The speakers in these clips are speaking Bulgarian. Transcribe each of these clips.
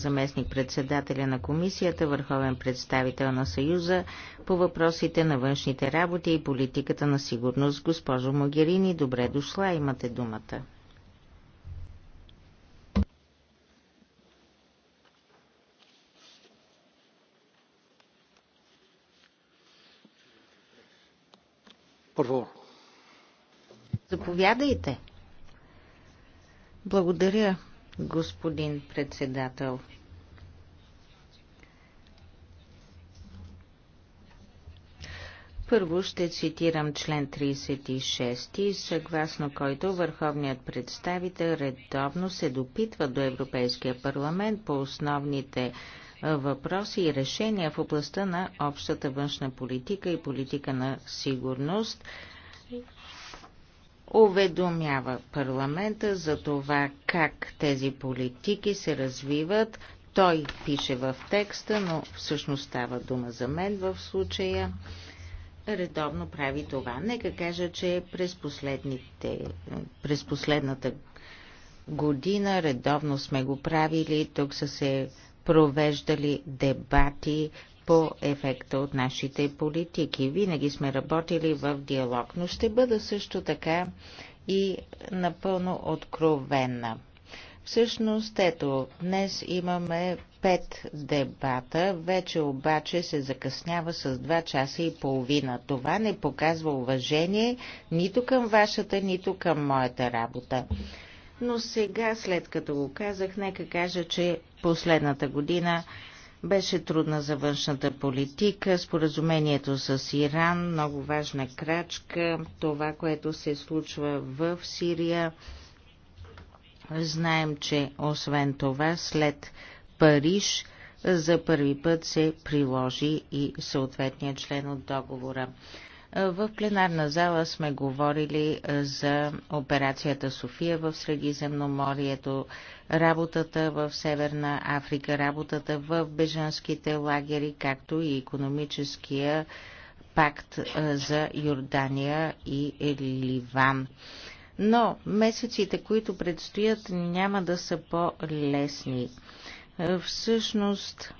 заместник председателя на комисията, върховен представител на Съюза по въпросите на външните работи и политиката на сигурност. Госпожо Могерини, добре дошла, имате думата. Заповядайте. Благодаря, господин председател. Първо ще цитирам член 36, съгласно който върховният представител редовно се допитва до Европейския парламент по основните въпроси и решения в областта на общата външна политика и политика на сигурност уведомява парламента за това как тези политики се развиват. Той пише в текста, но всъщност става дума за мен в случая. Редовно прави това. Нека кажа, че през, последните, през последната година редовно сме го правили. Тук са се провеждали дебати по ефекта от нашите политики. Винаги сме работили в диалог, но ще бъда също така и напълно откровена. Всъщност, ето, днес имаме пет дебата, вече обаче се закъснява с 2 часа и половина. Това не показва уважение нито към вашата, нито към моята работа. Но сега, след като го казах, нека кажа, че последната година беше трудна за външната политика, споразумението с Иран, много важна крачка, това, което се случва в Сирия. Знаем, че освен това, след Париж за първи път се приложи и съответния член от договора. В пленарна зала сме говорили е, за операцията София в Средиземноморието, работата в Северна Африка, работата в бежанските лагери, както и економическия пакт е, за Йордания и Ливан. Но месеците, които предстоят, няма да са по-лесни. Е, всъщност,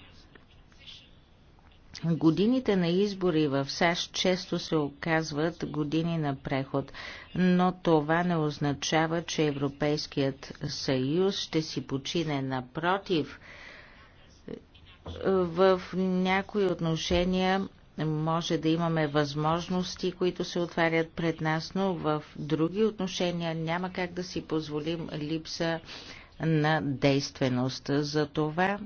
Годините на избори в САЩ често се оказват години на преход, но това не означава, че Европейският съюз ще си почине напротив. В някои отношения може да имаме възможности, които се отварят пред нас, но в други отношения няма как да си позволим липса на действеност. За това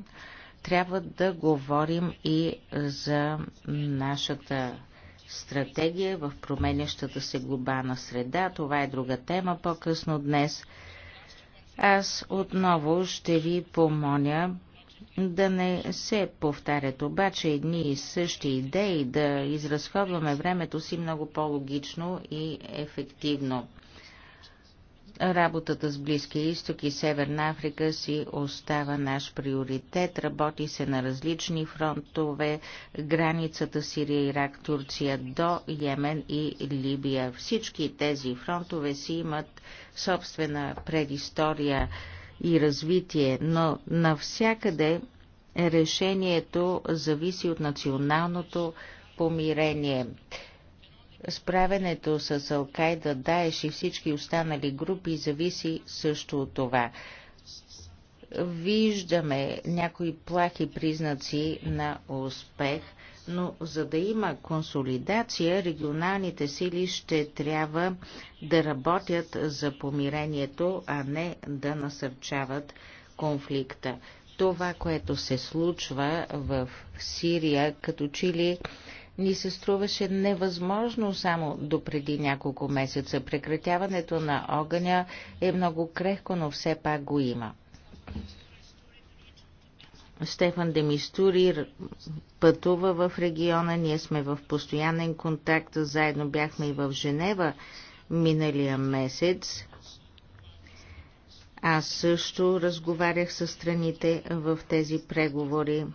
трябва да говорим и за нашата стратегия в променящата се глобална среда. Това е друга тема по-късно днес. Аз отново ще ви помоля да не се повтарят обаче едни и същи идеи, да изразходваме времето си много по-логично и ефективно. Работата с Близкия изток и Северна Африка си остава наш приоритет. Работи се на различни фронтове, границата Сирия, Ирак, Турция до Йемен и Либия. Всички тези фронтове си имат собствена предистория и развитие, но навсякъде решението зависи от националното помирение. Справенето с Алкайда, Даеш и всички останали групи зависи също от това. Виждаме някои плахи признаци на успех, но за да има консолидация, регионалните сили ще трябва да работят за помирението, а не да насърчават конфликта. Това, което се случва в Сирия, като че ли ни се струваше невъзможно само до преди няколко месеца. Прекратяването на огъня е много крехко, но все пак го има. Стефан Демистури пътува в региона, ние сме в постоянен контакт, заедно бяхме и в Женева миналия месец. Аз също разговарях с страните в тези преговори.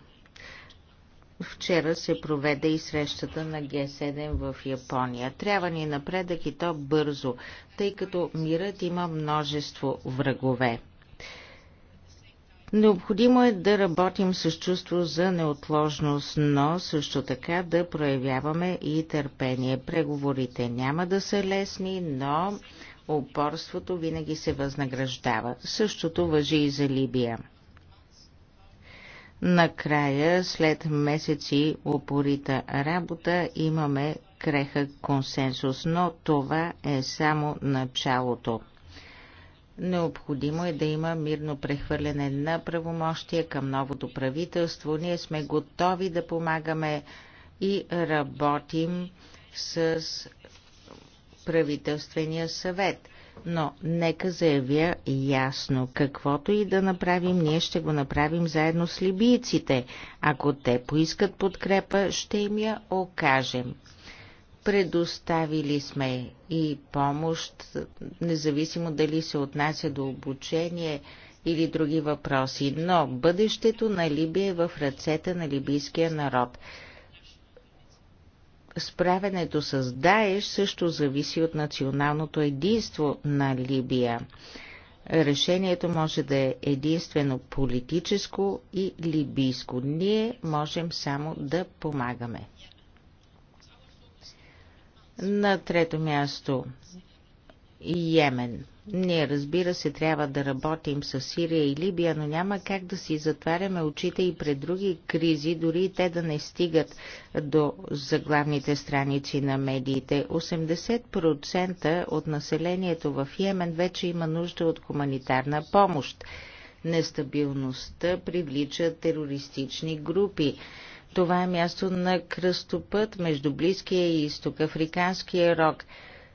Вчера се проведе и срещата на Г7 в Япония. Трябва ни напредък и то бързо, тъй като мирът има множество врагове. Необходимо е да работим с чувство за неотложност, но също така да проявяваме и търпение. Преговорите няма да са лесни, но упорството винаги се възнаграждава. Същото въжи и за Либия. Накрая, след месеци упорита работа, имаме крехък консенсус, но това е само началото. Необходимо е да има мирно прехвърляне на правомощия към новото правителство. Ние сме готови да помагаме и работим с правителствения съвет – но нека заявя ясно, каквото и да направим, ние ще го направим заедно с либийците. Ако те поискат подкрепа, ще им я окажем. Предоставили сме и помощ, независимо дали се отнася до обучение или други въпроси, но бъдещето на Либия е в ръцете на либийския народ. Справенето с Даеш също зависи от националното единство на Либия. Решението може да е единствено политическо и либийско. Ние можем само да помагаме. На трето място Йемен. Ние, разбира се, трябва да работим с Сирия и Либия, но няма как да си затваряме очите и пред други кризи, дори и те да не стигат до заглавните страници на медиите. 80% от населението в Йемен вече има нужда от хуманитарна помощ. Нестабилността привлича терористични групи. Това е място на кръстопът между Близкия и Изток, Африканския рок –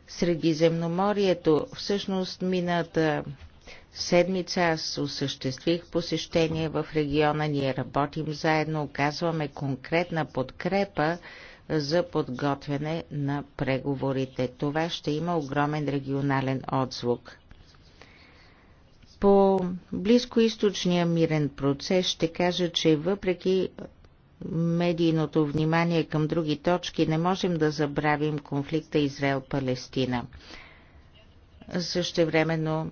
Средиземноморието. Всъщност мината седмица аз осъществих посещение в региона, ние работим заедно, оказваме конкретна подкрепа за подготвяне на преговорите. Това ще има огромен регионален отзвук. По близкоисточния мирен процес ще кажа, че въпреки медийното внимание към други точки, не можем да забравим конфликта Израел-Палестина. Същевременно,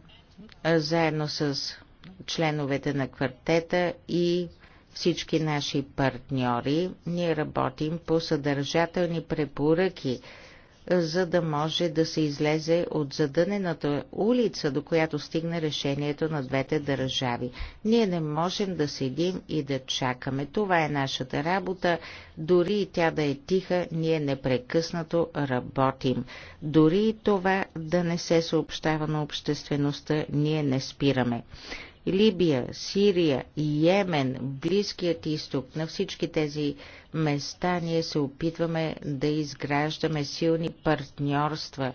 заедно с членовете на квартета и всички наши партньори, ние работим по съдържателни препоръки – за да може да се излезе от задънената улица, до която стигне решението на двете държави. Ние не можем да седим и да чакаме. Това е нашата работа. Дори и тя да е тиха, ние непрекъснато работим. Дори и това да не се съобщава на обществеността, ние не спираме. Либия, Сирия, Йемен, Близкият изток, на всички тези места ние се опитваме да изграждаме силни партньорства.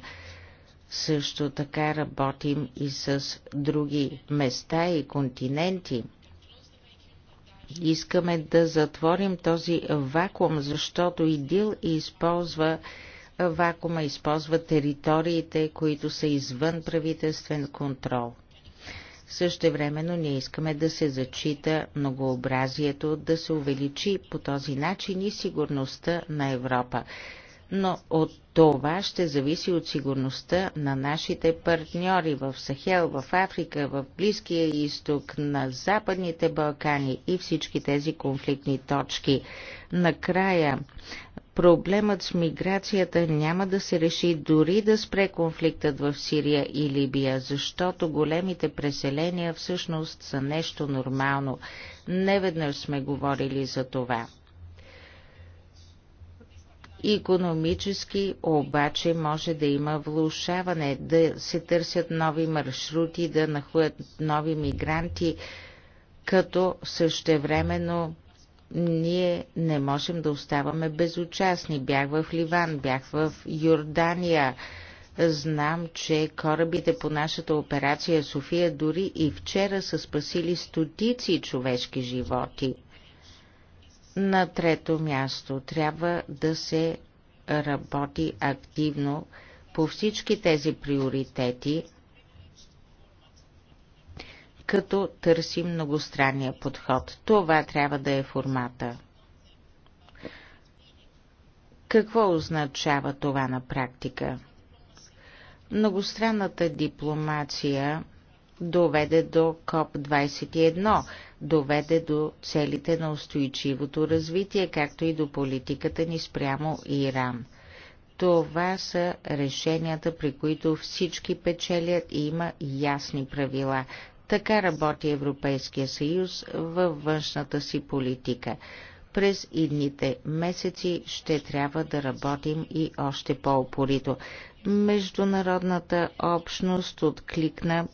Също така работим и с други места и континенти. Искаме да затворим този вакуум, защото ИДИЛ използва вакуума, използва териториите, които са извън правителствен контрол. Същевременно ние искаме да се зачита многообразието, да се увеличи по този начин и сигурността на Европа но от това ще зависи от сигурността на нашите партньори в Сахел, в Африка, в Близкия изток, на Западните Балкани и всички тези конфликтни точки. Накрая, проблемът с миграцията няма да се реши дори да спре конфликтът в Сирия и Либия, защото големите преселения всъщност са нещо нормално. Неведнъж сме говорили за това. Икономически обаче може да има влушаване, да се търсят нови маршрути, да нахуят нови мигранти, като същевременно ние не можем да оставаме безучастни. Бях в Ливан, бях в Йордания. Знам, че корабите по нашата операция София дори и вчера са спасили стотици човешки животи. На трето място трябва да се работи активно по всички тези приоритети, като търси многостранния подход. Това трябва да е формата. Какво означава това на практика? Многостранната дипломация доведе до КОП-21, доведе до целите на устойчивото развитие, както и до политиката ни спрямо Иран. Това са решенията, при които всички печелят и има ясни правила. Така работи Европейския съюз във външната си политика. През идните месеци ще трябва да работим и още по-опорито. Международната общност откликна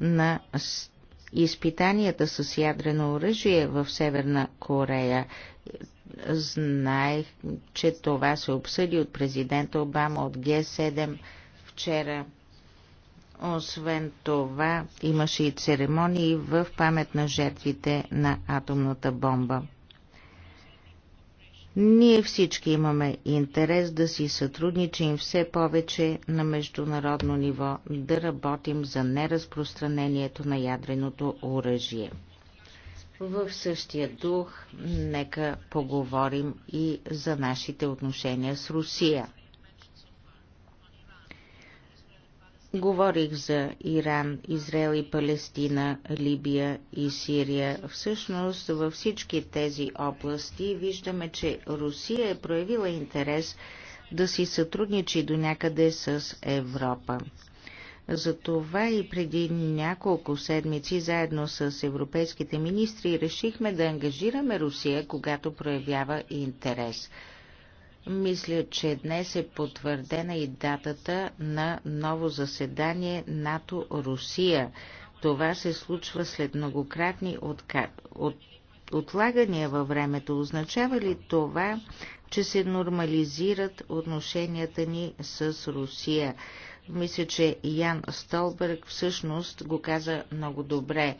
на изпитанията с ядрено оръжие в Северна Корея. Знаех, че това се обсъди от президента Обама от Г7 вчера. Освен това, имаше и церемонии в памет на жертвите на атомната бомба. Ние всички имаме интерес да си сътрудничим все повече на международно ниво, да работим за неразпространението на ядреното оръжие. В същия дух, нека поговорим и за нашите отношения с Русия. Говорих за Иран, Израел и Палестина, Либия и Сирия. Всъщност във всички тези области виждаме, че Русия е проявила интерес да си сътрудничи до някъде с Европа. Затова и преди няколко седмици, заедно с европейските министри, решихме да ангажираме Русия, когато проявява интерес – мисля, че днес е потвърдена и датата на ново заседание НАТО-Русия. Това се случва след многократни отка... от... отлагания във времето. Означава ли това, че се нормализират отношенията ни с Русия? Мисля, че Ян Столберг всъщност го каза много добре.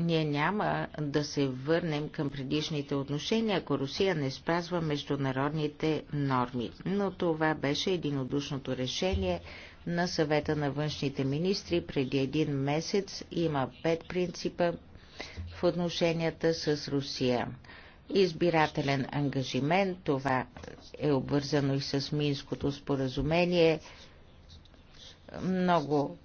Ние няма да се върнем към предишните отношения, ако Русия не спазва международните норми. Но това беше единодушното решение на съвета на външните министри преди един месец. Има пет принципа в отношенията с Русия. Избирателен ангажимент, това е обвързано и с Минското споразумение. Много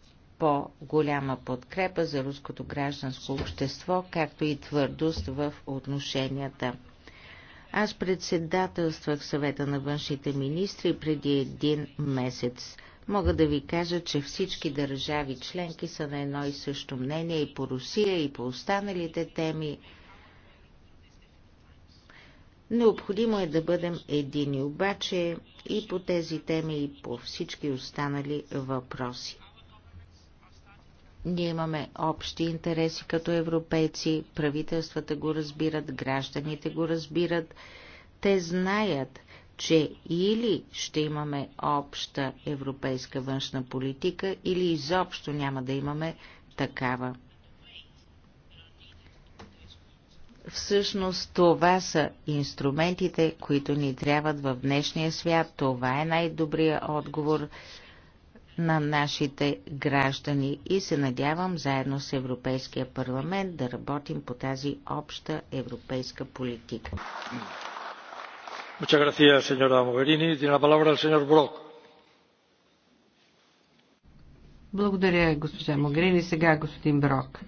по-голяма подкрепа за руското гражданско общество, както и твърдост в отношенията. Аз председателствах съвета на външните министри преди един месец. Мога да ви кажа, че всички държави членки са на едно и също мнение и по Русия, и по останалите теми. Необходимо е да бъдем едини обаче и по тези теми, и по всички останали въпроси. Ние имаме общи интереси като европейци, правителствата го разбират, гражданите го разбират. Те знаят, че или ще имаме обща европейска външна политика, или изобщо няма да имаме такава. Всъщност това са инструментите, които ни трябват в днешния свят. Това е най-добрият отговор на нашите граждани и се надявам заедно с Европейския парламент да работим по тази обща европейска политика. Muchas gracias, señora Mogherini. Tiene la palabra el señor Brock. Благодаря, госпожа Могрини. Сега господин Брок.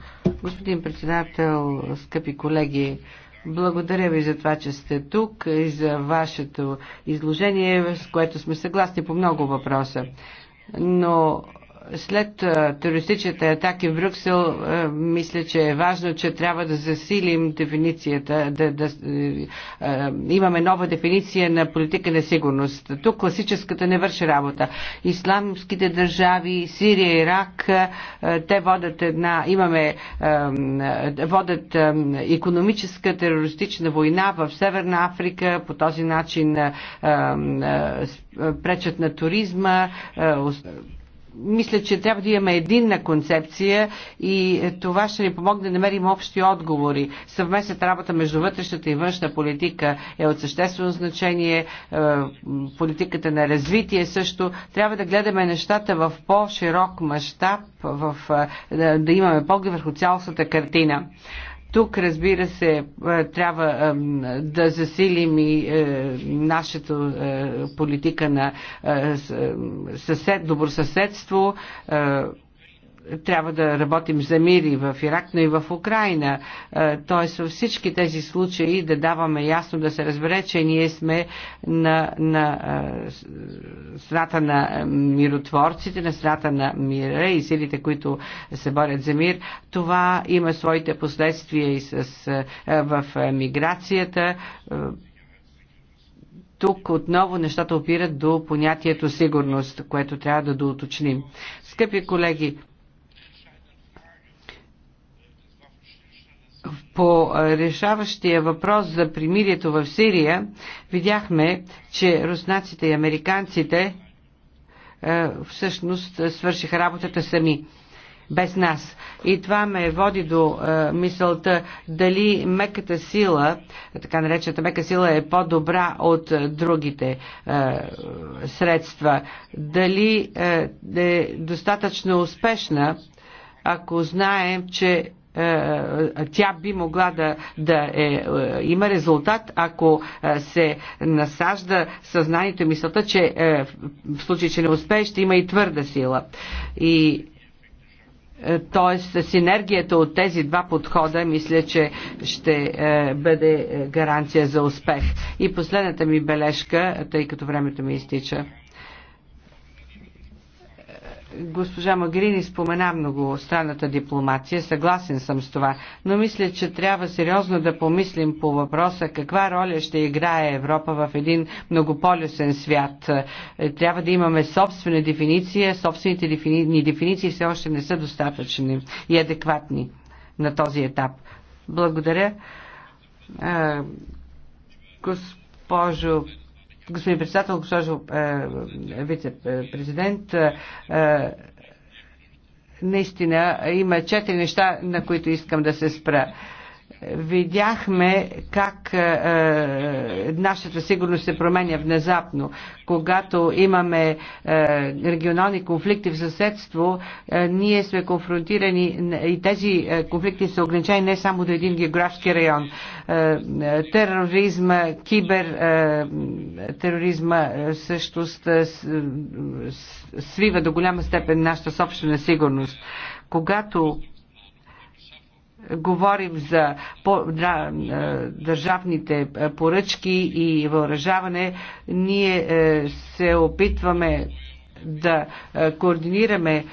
Господин председател, скъпи колеги, благодаря ви за това, че сте тук и за вашето изложение, с което сме съгласни по много въпроса но след терористичните атаки в Брюксел, мисля, че е важно, че трябва да засилим дефиницията, да, да имаме нова дефиниция на политика на сигурност. Тук класическата не върши работа. Исламските държави, Сирия, Ирак, те водят една, имаме, водят економическа терористична война в Северна Африка, по този начин пречат на туризма, мисля, че трябва да имаме единна концепция и е, това ще ни помогне да намерим общи отговори. Съвместната работа между вътрешната и външна политика е от съществено значение, е, политиката на развитие също. Трябва да гледаме нещата в по-широк мащаб, в, е, да имаме поглед върху цялостната картина. Тук, разбира се, е, трябва да засилим и е, нашата е, политика на добросъседство, трябва да работим за мир и в Ирак, но и в Украина. Е, тоест във всички тези случаи да даваме ясно да се разбере, че ние сме на, на е, страната на миротворците, на страната на мира и силите, които се борят за мир. Това има своите последствия и с, е, в миграцията. Тук отново нещата опират до понятието сигурност, което трябва да доуточним. Скъпи колеги, по решаващия въпрос за примирието в Сирия, видяхме, че руснаците и американците всъщност свършиха работата сами без нас. И това ме води до мисълта дали меката сила, така наречената мека сила е по-добра от другите средства, дали е достатъчно успешна, ако знаем, че е, тя би могла да, да е, е има резултат, ако е, се насажда съзнанието и мисълта, че в случай, че не успее, ще има и твърда сила. И т.е. синергията от тези два подхода, мисля, че ще бъде гаранция за успех. И последната ми бележка, тъй като времето ми изтича. Госпожа Магрини спомена много странната дипломация, съгласен съм с това, но мисля, че трябва сериозно да помислим по въпроса каква роля ще играе Европа в един многополюсен свят. Е, трябва да имаме собствена дефиниция, собствените дефини... дефиниции все още не са достатъчни и адекватни на този етап. Благодаря. Е, госпожо господин председател, госпожо е, вице-президент, е, е, наистина има четири неща, на които искам да се спра видяхме как е, е, нашата сигурност се променя внезапно. Когато имаме е, регионални конфликти в съседство, е, ние сме конфронтирани и тези е, конфликти са ограничени не само до един географски район. Е, е тероризма, кибер е, тероризма всъщност свива до голяма степен нашата собствена сигурност. Когато говорим за по, да, държавните поръчки и въоръжаване, ние е, се опитваме да е, координираме е,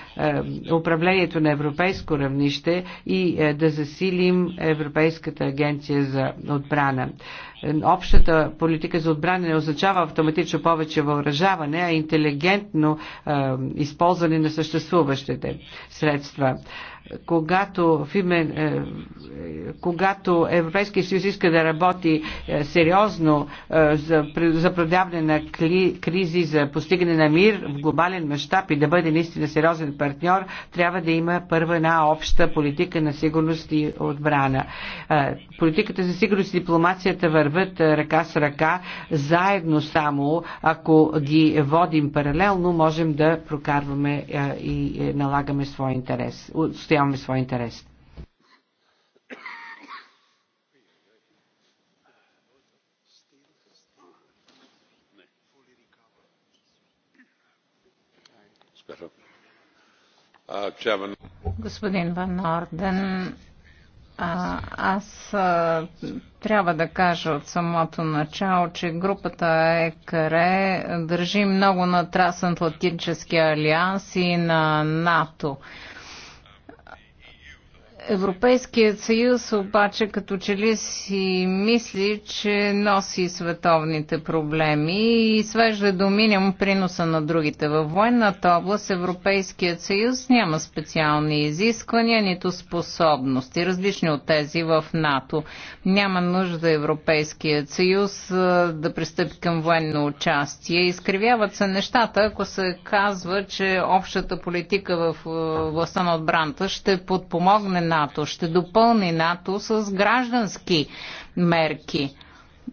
управлението на европейско равнище и да засилим Европейската агенция за отбрана общата политика за отбрана не означава автоматично повече въоръжаване, а интелигентно е, използване на съществуващите средства когато, в име, е, е, когато Европейския съюз иска да работи е, сериозно за, за продаване на кризи, за постигане на мир в глобален мащаб и да бъде наистина сериозен партньор, трябва да има първа една обща политика на сигурност и отбрана. Политиката за сигурност и дипломацията върви вървят ръка с ръка, заедно само, ако ги водим паралелно, можем да прокарваме и е, налагаме свой интерес, отстояваме свой интерес. Господин Ван Орден, а, аз а, трябва да кажа от самото начало, че групата ЕКРЕ държи много на Трансатлантическия алианс и на НАТО. Европейският съюз обаче като че ли си мисли, че носи световните проблеми и свежда до минимум приноса на другите. Във военната област Европейският съюз няма специални изисквания, нито способности, различни от тези в НАТО. Няма нужда Европейският съюз да пристъпи към военно участие. Изкривяват се нещата, ако се казва, че общата политика в властта на отбраната ще подпомогне НАТО. Ще допълни НАТО с граждански мерки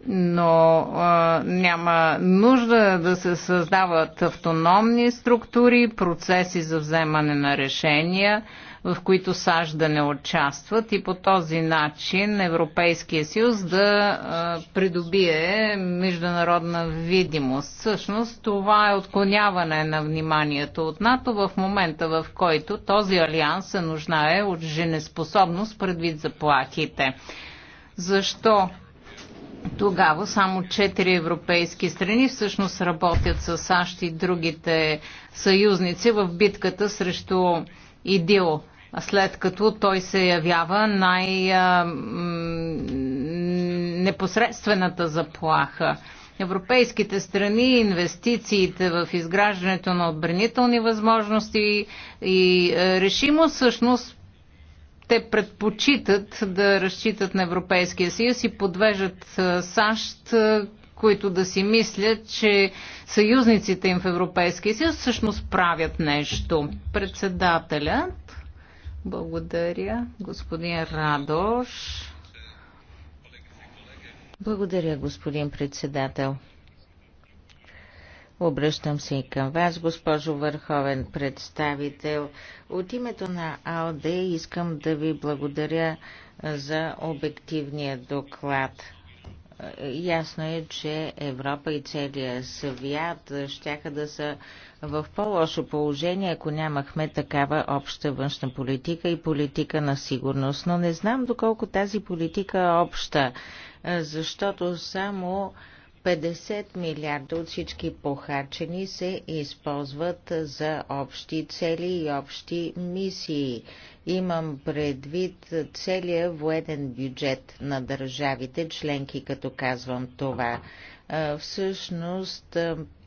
но а, няма нужда да се създават автономни структури, процеси за вземане на решения в които САЩ да не участват и по този начин Европейския съюз да придобие международна видимост. Всъщност това е отклоняване на вниманието от НАТО в момента, в който този алианс се нуждае от женеспособност предвид заплахите. Защо тогава само четири европейски страни всъщност работят с САЩ и другите съюзници в битката срещу ИДИЛ след като той се явява най-непосредствената заплаха. Европейските страни, инвестициите в изграждането на отбранителни възможности и е, решимо всъщност те предпочитат да разчитат на Европейския съюз и подвеждат е, САЩ, е, които да си мислят, че съюзниците им в Европейския съюз всъщност правят нещо. Председателят благодаря, господин Радош. Благодаря, господин председател. Обръщам се и към вас, госпожо Върховен представител. От името на АОД искам да ви благодаря за обективния доклад. Ясно е, че Европа и целия свят щяха да са в по-лошо положение, ако нямахме такава обща външна политика и политика на сигурност. Но не знам доколко тази политика е обща, защото само 50 милиарда от всички похарчени се използват за общи цели и общи мисии. Имам предвид целия военен бюджет на държавите членки, като казвам това. Всъщност,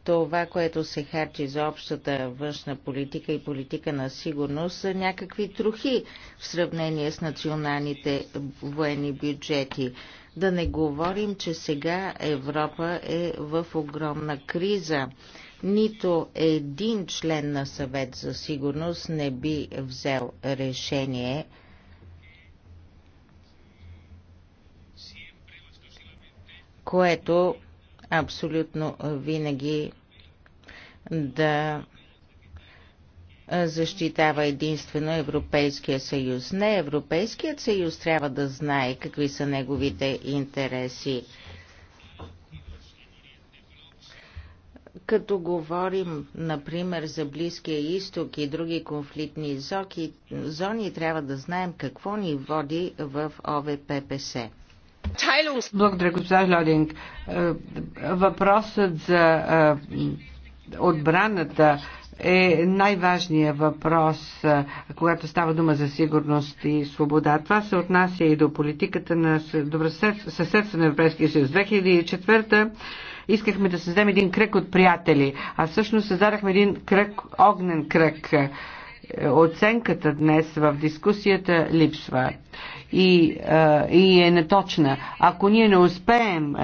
това, което се харчи за общата външна политика и политика на сигурност, са някакви трохи в сравнение с националните военни бюджети. Да не говорим, че сега Европа е в огромна криза. Нито един член на съвет за сигурност не би взел решение което абсолютно винаги да защитава единствено Европейския съюз. Не, Европейският съюз трябва да знае какви са неговите интереси. Като говорим, например, за Близкия изток и други конфликтни зоки, зони, трябва да знаем какво ни води в ОВППС. Благодаря, госпожа Лодинг. Е, въпросът за е, отбраната е най-важният въпрос, е, когато става дума за сигурност и свобода. Това се отнася и до политиката на съседство на Европейския съюз. 2004 искахме да създадем един кръг от приятели, а всъщност създадахме един кръг, огнен кръг. Е, оценката днес в дискусията липсва и, е, и е неточна. Ако ние не успеем е,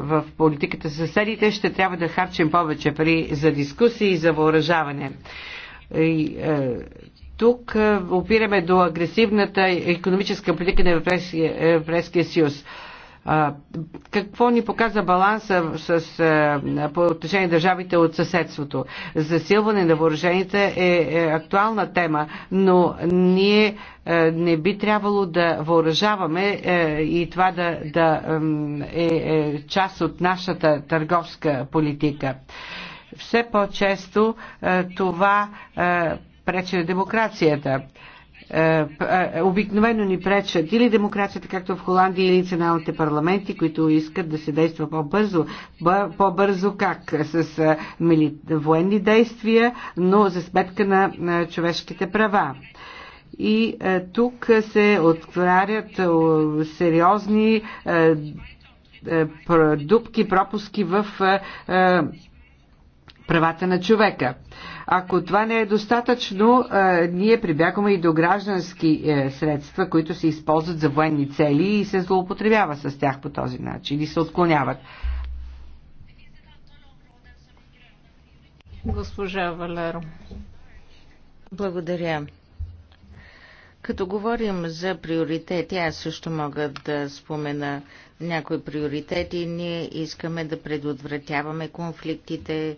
в политиката със съседите, ще трябва да харчим повече пари за дискусии и за въоръжаване. И, тук опираме до агресивната економическа политика на Европейския, Европейския съюз какво ни показва баланса с, е, по отношение на държавите от съседството? Засилване на въоръжените е, е актуална тема, но ние е, не би трябвало да въоръжаваме и това да, да е част от нашата търговска политика. Все по-често това пречи на демокрацията е, е, е, обикновено ни пречат или демокрацията, както в Холандия, или националните парламенти, които искат да се действа по-бързо. По-бързо как? С мили... военни действия, но за сметка на, на човешките права. И тук се отварят сериозни дупки, пропуски в правата на човека. Ако това не е достатъчно, ние прибягваме и до граждански е, средства, които се използват за военни цели и се злоупотребява с тях по този начин и се отклоняват. Госпожа Валеро. Благодаря. Като говорим за приоритети, аз също мога да спомена някои приоритети. Ние искаме да предотвратяваме конфликтите,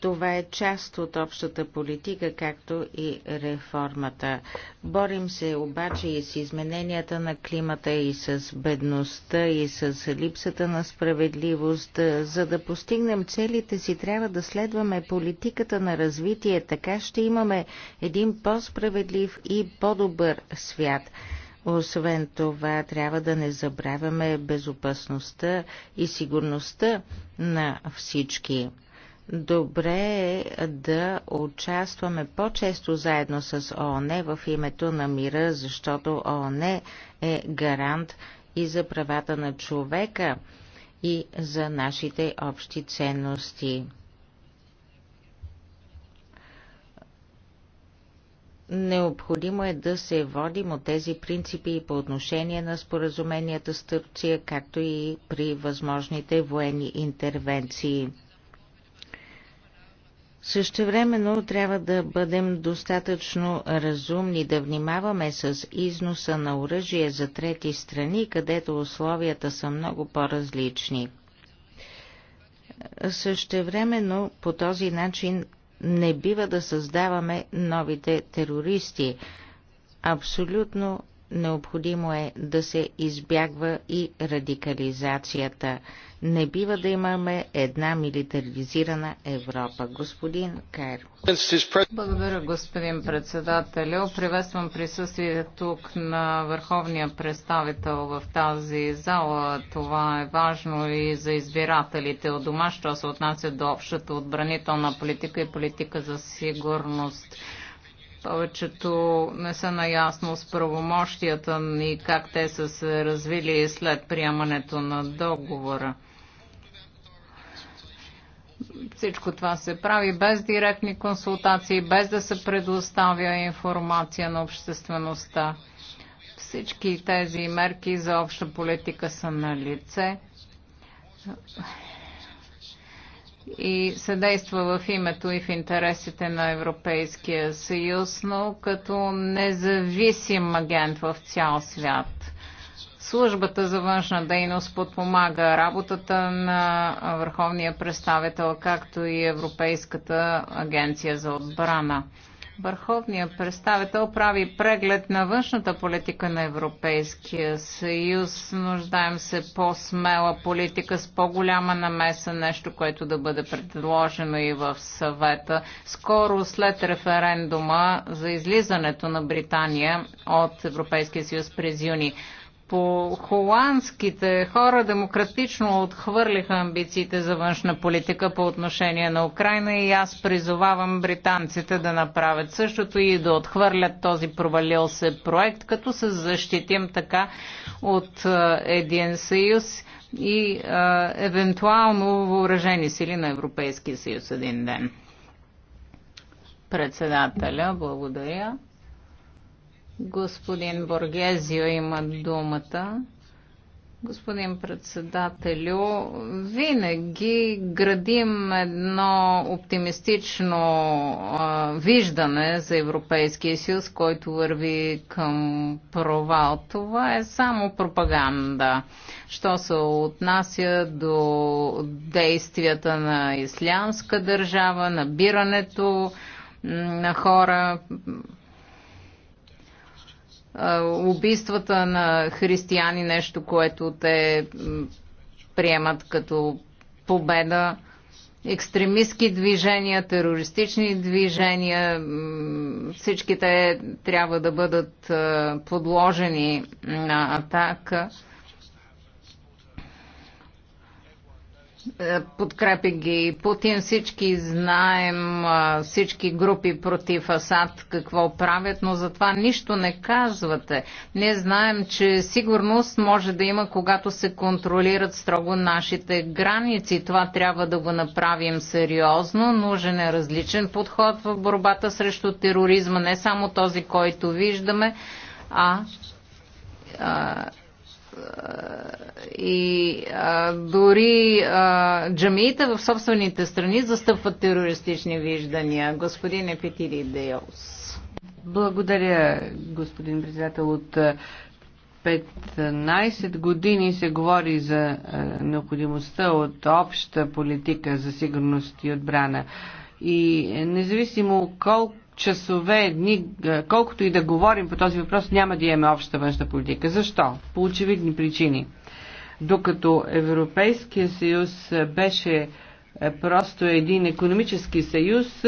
това е част от общата политика, както и реформата. Борим се обаче и с измененията на климата, и с бедността, и с липсата на справедливост. За да постигнем целите си, трябва да следваме политиката на развитие. Така ще имаме един по-справедлив и по-добър свят. Освен това, трябва да не забравяме безопасността и сигурността на всички. Добре е да участваме по-често заедно с ООН в името на мира, защото ООН е гарант и за правата на човека и за нашите общи ценности. Необходимо е да се водим от тези принципи и по отношение на споразуменията с Турция, както и при възможните военни интервенции времено трябва да бъдем достатъчно разумни, да внимаваме с износа на оръжие за трети страни, където условията са много по-различни. времено по този начин не бива да създаваме новите терористи. Абсолютно Необходимо е да се избягва и радикализацията. Не бива да имаме една милитаризирана Европа. Господин Кайр. Благодаря, господин председател. Приветствам присъствие тук на върховния представител в тази зала. Това е важно и за избирателите от дома, що се отнася до общата отбранителна политика и политика за сигурност. Повечето не са наясно с правомощията и как те са се развили след приемането на договора. Всичко това се прави без директни консултации, без да се предоставя информация на обществеността. Всички тези мерки за обща политика са на лице и се действа в името и в интересите на Европейския съюз, но като независим агент в цял свят. Службата за външна дейност подпомага работата на върховния представител, както и Европейската агенция за отбрана. Върховният представител прави преглед на външната политика на Европейския съюз. Нуждаем се по-смела политика с по-голяма намеса, нещо, което да бъде предложено и в съвета. Скоро след референдума за излизането на Британия от Европейския съюз през юни по холандските хора демократично отхвърлиха амбициите за външна политика по отношение на Украина и аз призовавам британците да направят същото и да отхвърлят този провалил се проект, като се защитим така от е, един съюз и а, е, евентуално въоръжени сили на Европейския съюз един ден. Председателя, благодаря. Господин Боргезио има думата. Господин председателю, винаги градим едно оптимистично а, виждане за Европейския съюз, който върви към провал. Това е само пропаганда. Що се отнася до действията на ислямска държава, набирането на хора, убийствата на християни, нещо, което те приемат като победа, екстремистски движения, терористични движения, всички те трябва да бъдат подложени на атака. Е, подкрепи ги Путин. Всички знаем, е, всички групи против Асад какво правят, но за това нищо не казвате. Не знаем, че сигурност може да има, когато се контролират строго нашите граници. Това трябва да го направим сериозно. Нужен е различен подход в борбата срещу тероризма, не само този, който виждаме, а и а, дори а, джамиите в собствените страни застъпват терористични виждания. Господин Епитири Деос. Благодаря, господин председател. От 15 години се говори за необходимостта от обща политика за сигурност и отбрана. И независимо колко часове, дни, колкото и да говорим по този въпрос, няма да имаме обща външна политика. Защо? По очевидни причини. Докато Европейския съюз беше просто един економически съюз,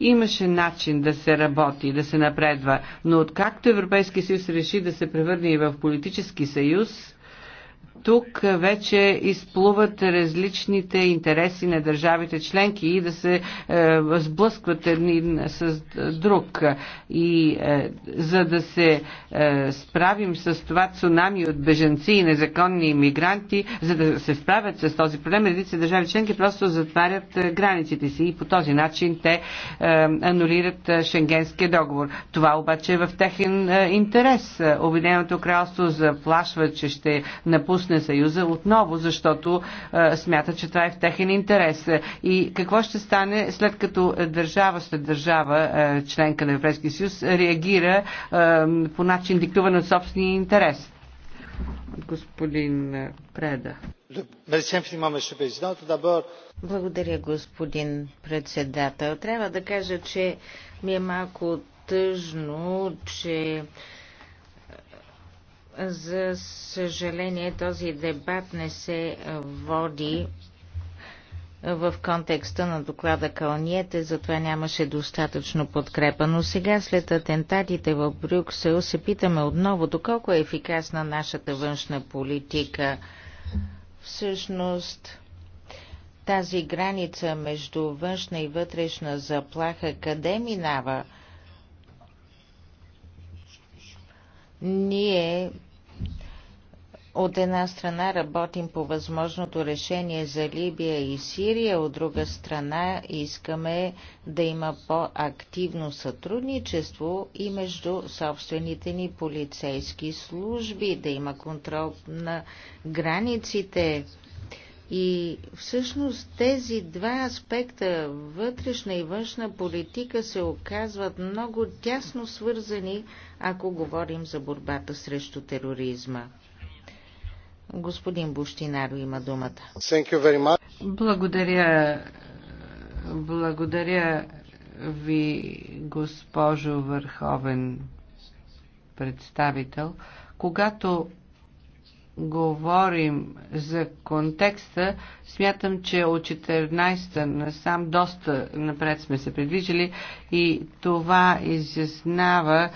имаше начин да се работи, да се напредва. Но откакто Европейския съюз реши да се превърне и в политически съюз, тук вече изплуват различните интереси на държавите членки и да се е, сблъскват един с друг. И е, за да се е, справим с това цунами от беженци и незаконни иммигранти, за да се справят с този проблем, редици държави членки просто затварят е, границите си и по този начин те е, анулират е, Шенгенския договор. Това обаче е в техен е, интерес. Обединеното кралство заплашва, че ще напусне напусне Съюза отново, защото е, смята, че това е в техен интерес. И какво ще стане след като държава след държава, е, членка на Европейския съюз, реагира е, по начин диктуван от собствения интерес? господин Преда. Благодаря, господин председател. Трябва да кажа, че ми е малко тъжно, че за съжаление, този дебат не се води в контекста на доклада Калниете, затова нямаше достатъчно подкрепа. Но сега, след атентатите в Брюксел, се питаме отново, доколко е ефикасна нашата външна политика. Всъщност, тази граница между външна и вътрешна заплаха къде минава – Ние от една страна работим по възможното решение за Либия и Сирия, от друга страна искаме да има по-активно сътрудничество и между собствените ни полицейски служби, да има контрол на границите. И всъщност тези два аспекта, вътрешна и външна политика, се оказват много тясно свързани ако говорим за борбата срещу тероризма. Господин Буштинаро има думата. Благодаря. Благодаря ви, госпожо Върховен представител. Когато говорим за контекста, смятам, че от 14-та насам доста напред сме се придвижили и това изяснява,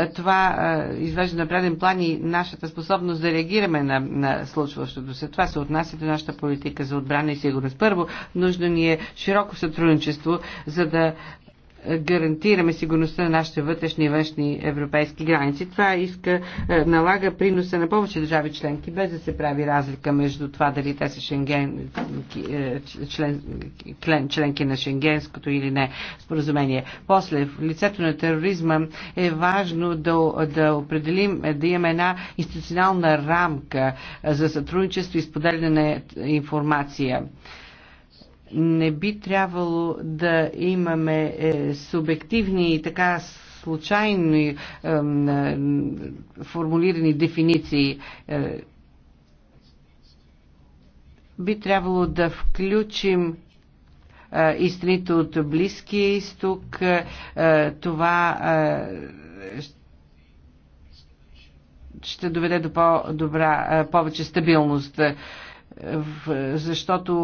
е, това е, извежда на преден план и нашата способност да реагираме на, на случващото се. Това се отнася до нашата политика за отбрана и сигурност. Първо, нужно ни е широко сътрудничество, за да е, гарантираме сигурността на нашите вътрешни и външни европейски граници. Това иска, е, налага приноса на повече държави членки, без да се прави разлика между това дали те са шенген, е, член, член, членки на шенгенското или не споразумение. После, в лицето на тероризма е важно да, да определим, да имаме една институционална рамка е, за сътрудничество и споделяне на информация. Не би трябвало да имаме е, субективни и така случайни е, е, формулирани дефиниции би трябвало да включим е, истините от Близкия изток. Е, това е, ще доведе до по-добра, повече стабилност защото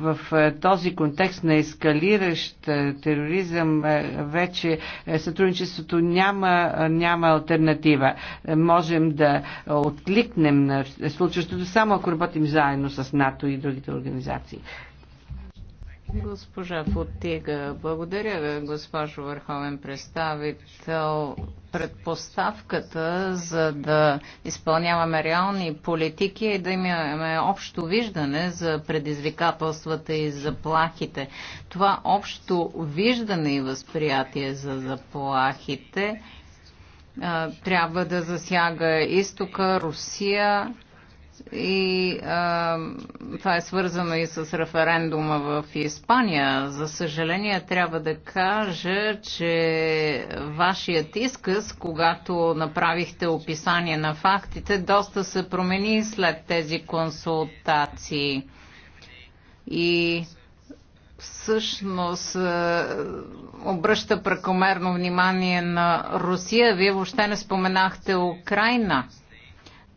в този контекст на ескалиращ тероризъм вече сътрудничеството няма, няма альтернатива. Можем да откликнем на случващото само ако работим заедно с НАТО и другите организации. Госпожа Фотига, благодаря, ви, госпожо Върховен представител. Предпоставката за да изпълняваме реални политики и е да имаме общо виждане за предизвикателствата и заплахите. Това общо виждане и възприятие за заплахите трябва да засяга изтока, Русия, и а, това е свързано и с референдума в Испания. За съжаление, трябва да кажа, че вашият изказ, когато направихте описание на фактите, доста се промени след тези консултации. И всъщност обръща прекомерно внимание на Русия. Вие въобще не споменахте Украина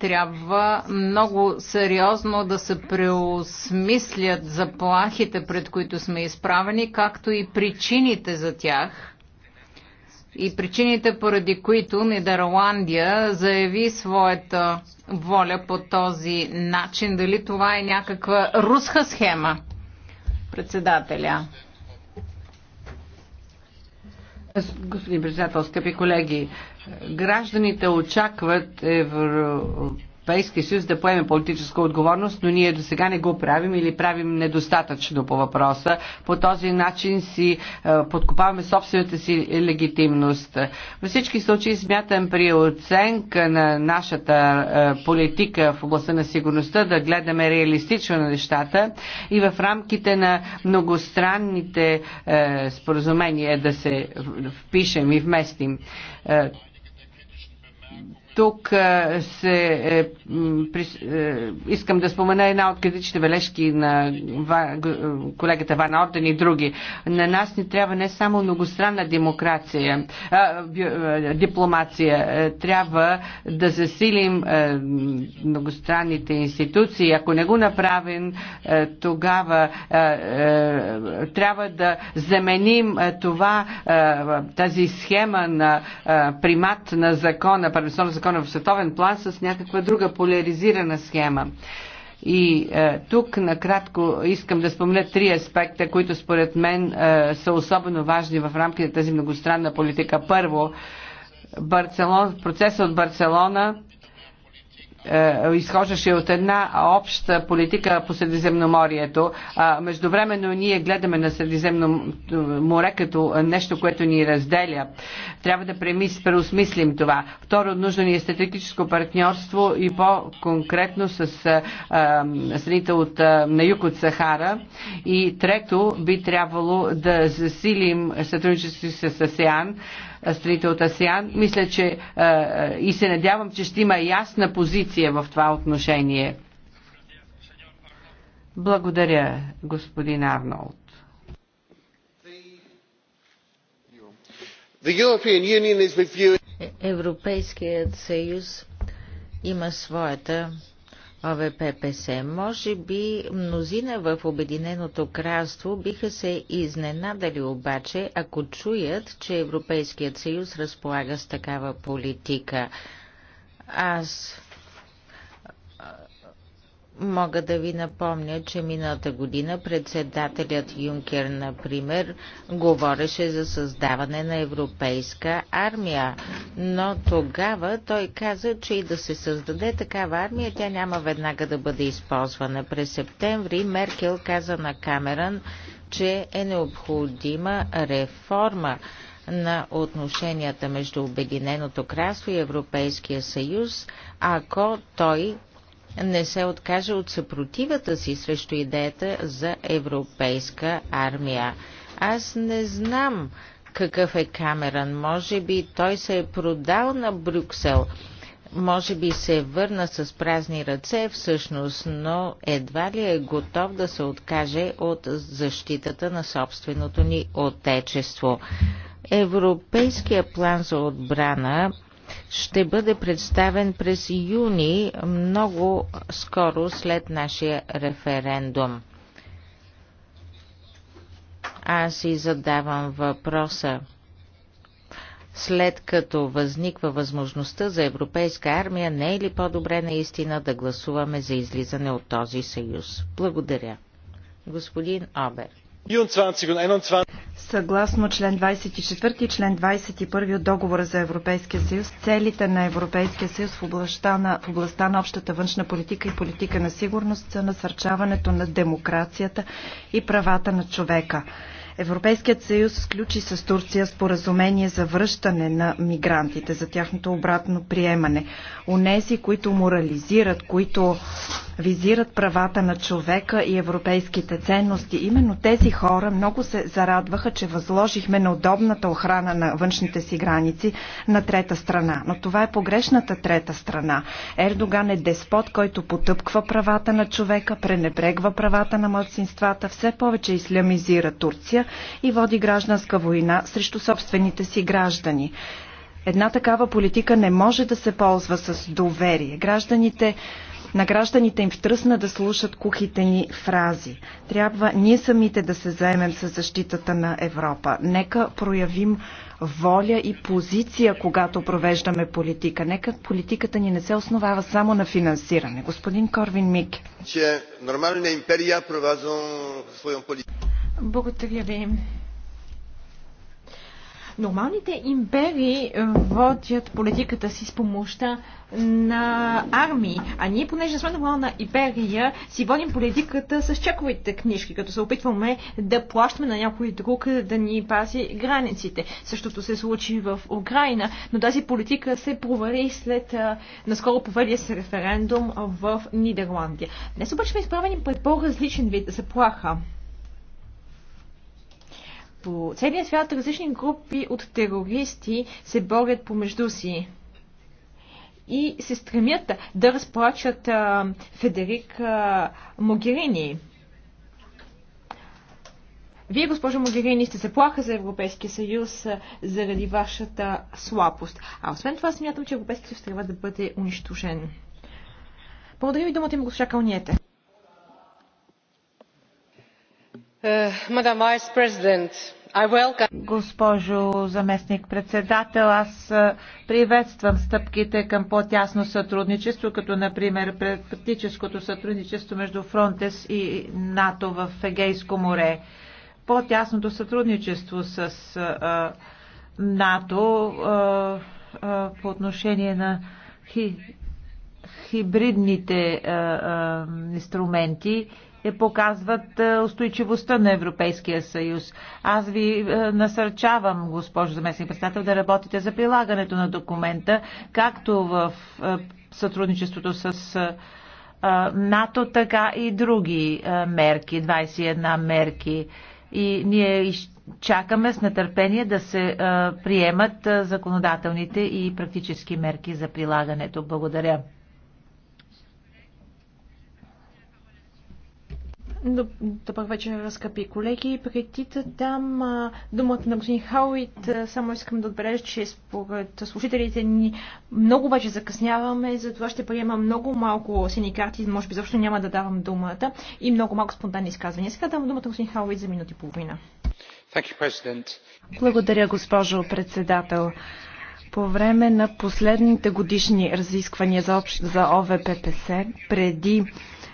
трябва много сериозно да се преосмислят заплахите, пред които сме изправени, както и причините за тях – и причините, поради които Нидерландия заяви своята воля по този начин. Дали това е някаква руска схема, председателя? Господин председател, скъпи колеги, гражданите очакват Европа Европейския съюз да поеме политическа отговорност, но ние до сега не го правим или правим недостатъчно по въпроса. По този начин си е, подкопаваме собствената си легитимност. Във всички случаи смятам при оценка на нашата е, политика в областта на сигурността да гледаме реалистично на нещата и в рамките на многостранните е, споразумения да се впишем и вместим. Тук се, е, е, искам да спомена една от критичните бележки на е, колегата Ван Орден и други. На нас ни трябва не само многостранна демокрация, дипломация. Трябва да засилим многостранните институции. Ако не го направим, тогава трябва да заменим това, тази схема на примат на закона, първенство на закона закона в световен план с някаква друга поляризирана схема. И е, тук накратко искам да спомня три аспекта, които според мен е, са особено важни в рамките на тази многостранна политика. Първо, Барцелон, процесът от Барселона е, изхождаше от една обща политика по Средиземноморието. междувременно ние гледаме на Средиземно море като нещо, което ни разделя. Трябва да премис, преосмислим това. Второ, нужно ни е стратегическо партньорство и по-конкретно с а, е, е, страните от, а, на юг от Сахара. И трето, би трябвало да засилим сътрудничество с АСЕАН страните от АСЕАН. Мисля, че е, е, и се надявам, че ще има ясна позиция в това отношение. Благодаря, господин Арнолд. Европейският съюз има своята ОВППС. Може би мнозина в Обединеното кралство биха се изненадали обаче, ако чуят, че Европейският съюз разполага с такава политика. Аз Мога да ви напомня, че миналата година председателят Юнкер, например, говореше за създаване на европейска армия, но тогава той каза, че и да се създаде такава армия, тя няма веднага да бъде използвана. През септември Меркел каза на Камеран, че е необходима реформа на отношенията между Обединеното кралство и Европейския съюз, ако той не се откаже от съпротивата си срещу идеята за европейска армия. Аз не знам какъв е Камеран. Може би той се е продал на Брюксел. Може би се върна с празни ръце всъщност, но едва ли е готов да се откаже от защитата на собственото ни отечество. Европейския план за отбрана ще бъде представен през юни, много скоро след нашия референдум. Аз си задавам въпроса. След като възниква възможността за европейска армия, не е ли по-добре наистина да гласуваме за излизане от този съюз? Благодаря. Господин Обер. Съгласно член 24 и член 21 от договора за Европейския съюз, целите на Европейския съюз в областта на, в областта на общата външна политика и политика на сигурност са насърчаването на демокрацията и правата на човека. Европейският съюз включи с Турция споразумение за връщане на мигрантите, за тяхното обратно приемане. Унези, които морализират, които визират правата на човека и европейските ценности, именно тези хора много се зарадваха, че възложихме на удобната охрана на външните си граници на трета страна. Но това е погрешната трета страна. Ердоган е деспот, който потъпква правата на човека, пренебрегва правата на младсинствата, все повече ислямизира Турция и води гражданска война срещу собствените си граждани. Една такава политика не може да се ползва с доверие. Гражданите на гражданите им втръсна да слушат кухите ни фрази. Трябва ние самите да се заемем с защитата на Европа. Нека проявим воля и позиция, когато провеждаме политика. Нека политиката ни не се основава само на финансиране. Господин Корвин Мик. Че нормална империя провазва своя политика. Благодаря ви. Нормалните империи е, водят политиката си с помощта на армии, а ние, понеже сме нормална империя, си водим политиката с чековите книжки, като се опитваме да плащаме на някой друг е, да ни пази границите. Същото се случи в Украина, но тази политика се провали след а, е, наскоро поведя се референдум в Нидерландия. Днес обаче сме изправени пред по-различен вид заплаха по целия свят различни групи от терористи се борят помежду си и се стремят да разплачат а, Федерик а, Могерини. Вие, госпожо Могерини, сте заплаха за Европейския съюз а, заради вашата слабост. А освен това, смятам, че Европейския съюз трябва да бъде унищожен. Благодаря ви думата има госпожа Калниете. Е, Госпожо заместник-председател, аз е, приветствам стъпките към по-тясно сътрудничество, като например практическото сътрудничество между Фронтес и НАТО в Егейско море. По-тясното сътрудничество с е, НАТО по отношение на хибридните инструменти е показват е, устойчивостта на Европейския съюз. Аз ви е, насърчавам, госпожо заместник председател, да работите за прилагането на документа, както в е, сътрудничеството с НАТО, така и други мерки, 21 мерки. И ние чакаме с нетърпение да се приемат законодателните и практически мерки за прилагането. Благодаря. пък вечер, разкъпи колеги. Преди да дам думата на господин Хауит, само искам да отбележа, че според служителите ни много вече закъсняваме, затова ще приема много малко сини карти, може би защо няма да давам думата и много малко спонтанни изказвания. Сега давам думата на господин Хауит за минути и половина. Благодаря, госпожо председател. По време на последните годишни разисквания за, общ, за ОВППС, преди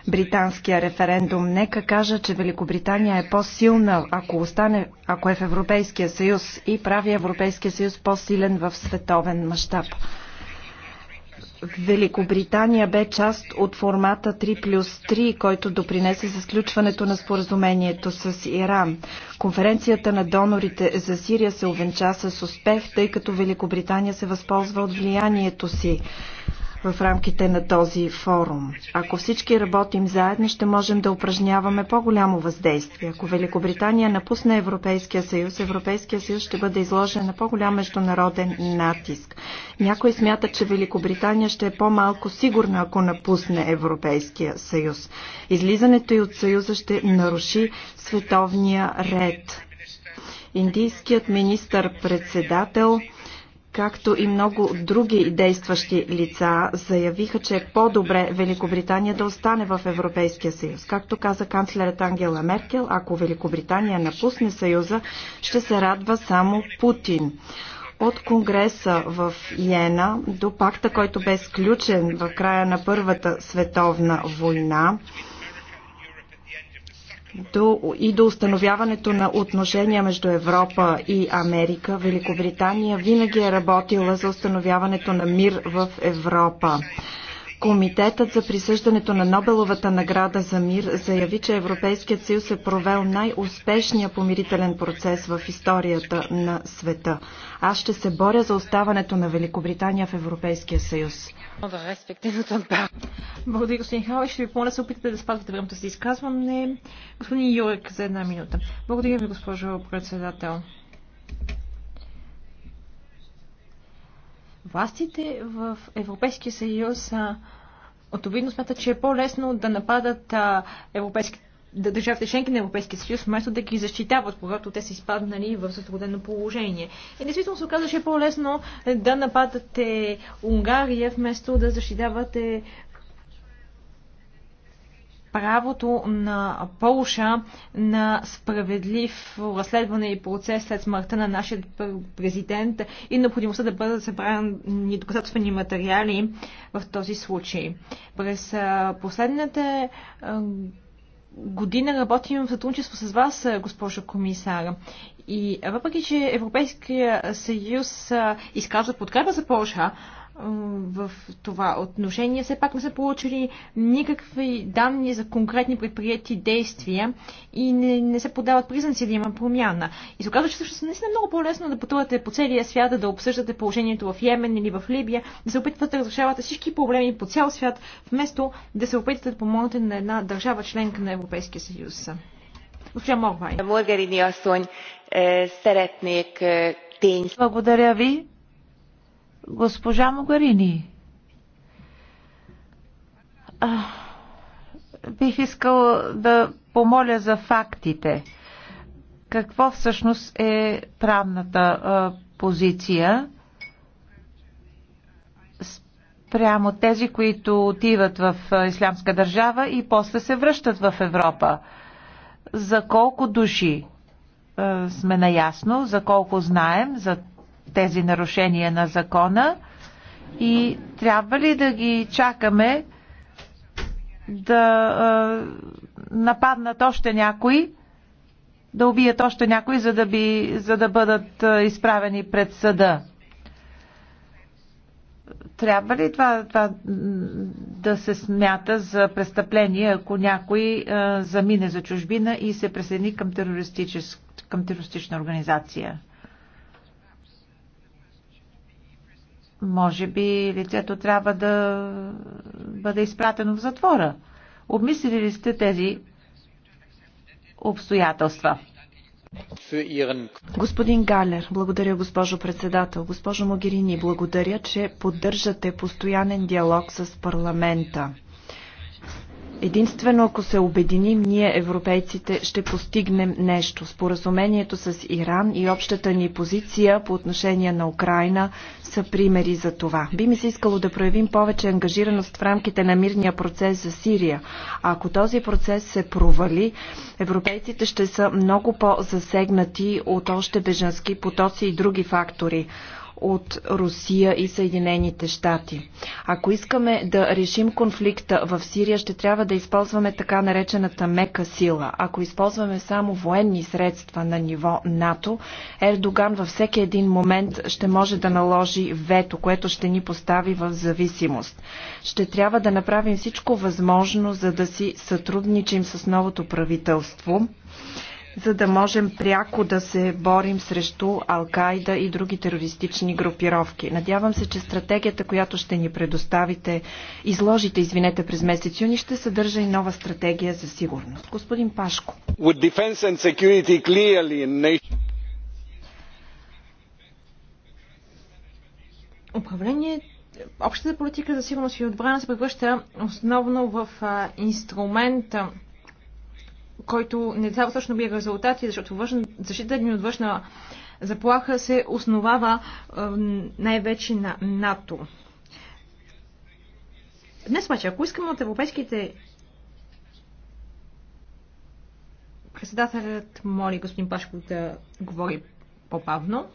британския референдум. Нека кажа, че Великобритания е по-силна, ако, остане, ако е в Европейския съюз и прави Европейския съюз по-силен в световен мащаб. Великобритания бе част от формата 3 плюс 3, който допринесе за сключването на споразумението с Иран. Конференцията на донорите за Сирия се увенча с успех, тъй като Великобритания се възползва от влиянието си в рамките на този форум. Ако всички работим заедно, ще можем да упражняваме по-голямо въздействие. Ако Великобритания напусне Европейския съюз, Европейския съюз ще бъде изложен на по-голям международен натиск. Някои смятат, че Великобритания ще е по-малко сигурна, ако напусне Европейския съюз. Излизането и от съюза ще наруши световния ред. Индийският министър-председател както и много други действащи лица, заявиха, че е по-добре Великобритания да остане в Европейския съюз. Както каза канцлерът Ангела Меркел, ако Великобритания напусне съюза, ще се радва само Путин. От Конгреса в Йена до пакта, който бе сключен в края на Първата световна война, до, и до установяването на отношения между Европа и Америка, Великобритания винаги е работила за установяването на мир в Европа. Комитетът за присъждането на Нобеловата награда за мир заяви, че Европейският съюз е провел най-успешния помирителен процес в историята на света. Аз ще се боря за оставането на Великобритания в Европейския съюз. Благодаря, господин Хава. Ще ви помоля да се опитате да спазвате времето си изказване. Господин Юрек, за една минута. Благодаря ви, госпожо председател. Властите в Европейския съюз очевидно смятат, че е по-лесно да нападат европейските държавите членки на Европейския съюз, вместо да ги защитават, когато те са изпаднали в затруднено положение. И действително се оказаше е по-лесно да нападате Унгария, вместо да защитавате правото на Полша на справедлив разследване и процес след смъртта на нашия президент и необходимостта да бъдат събрани доказателствени материали в този случай. През последните година работим в сътрудничество с вас, е, госпожо комисар. И въпреки, че Европейския съюз изказва подкрепа за Польша, в това отношение. Все пак не са получили никакви данни за конкретни предприяти действия и не, не се подават признаци да има промяна. И се оказва, че всъщност наистина е много по-лесно да пътувате по целия свят, да обсъждате положението в Йемен или в Либия, да се опитвате да разрешавате всички проблеми по цял свят, вместо да се опитвате да помогнете на една държава членка на Европейския съюз. Госпожа Благодаря ви. Е, Госпожа Могарини, а, бих искал да помоля за фактите. Какво всъщност е правната а, позиция прямо тези, които отиват в Ислямска държава и после се връщат в Европа? За колко души сме наясно, за колко знаем, за тези нарушения на закона и трябва ли да ги чакаме да нападнат още някои, да убият още някои, за да, би, за да бъдат изправени пред съда? трябва ли това, това да се смята за престъпление, ако някой а, замине за чужбина и се присъедини към, към терористична организация? Може би лицето трябва да бъде изпратено в затвора. Обмислили ли сте тези обстоятелства? Господин Галер, благодаря госпожо председател. Госпожо Могерини, благодаря, че поддържате постоянен диалог с парламента. Единствено ако се обединим, ние европейците ще постигнем нещо. Споразумението с Иран и общата ни позиция по отношение на Украина са примери за това. Би ми се искало да проявим повече ангажираност в рамките на мирния процес за Сирия. А ако този процес се провали, европейците ще са много по-засегнати от още бежански потоци и други фактори от Русия и Съединените щати. Ако искаме да решим конфликта в Сирия, ще трябва да използваме така наречената мека сила. Ако използваме само военни средства на ниво НАТО, Ердоган във всеки един момент ще може да наложи вето, което ще ни постави в зависимост. Ще трябва да направим всичко възможно, за да си сътрудничим с новото правителство за да можем пряко да се борим срещу Алкайда и други терористични групировки. Надявам се, че стратегията, която ще ни предоставите, изложите, извинете, през месец юни, ще съдържа и нова стратегия за сигурност. Господин Пашко. Управление Общата политика за сигурност и отбрана се превръща основно в инструмента който не дава точно бие резултати, защото външна, защита ни от външна заплаха се основава най-вече на НАТО. Днес обаче, ако искаме от европейските председателят моли господин Пашко да говори по-бавно.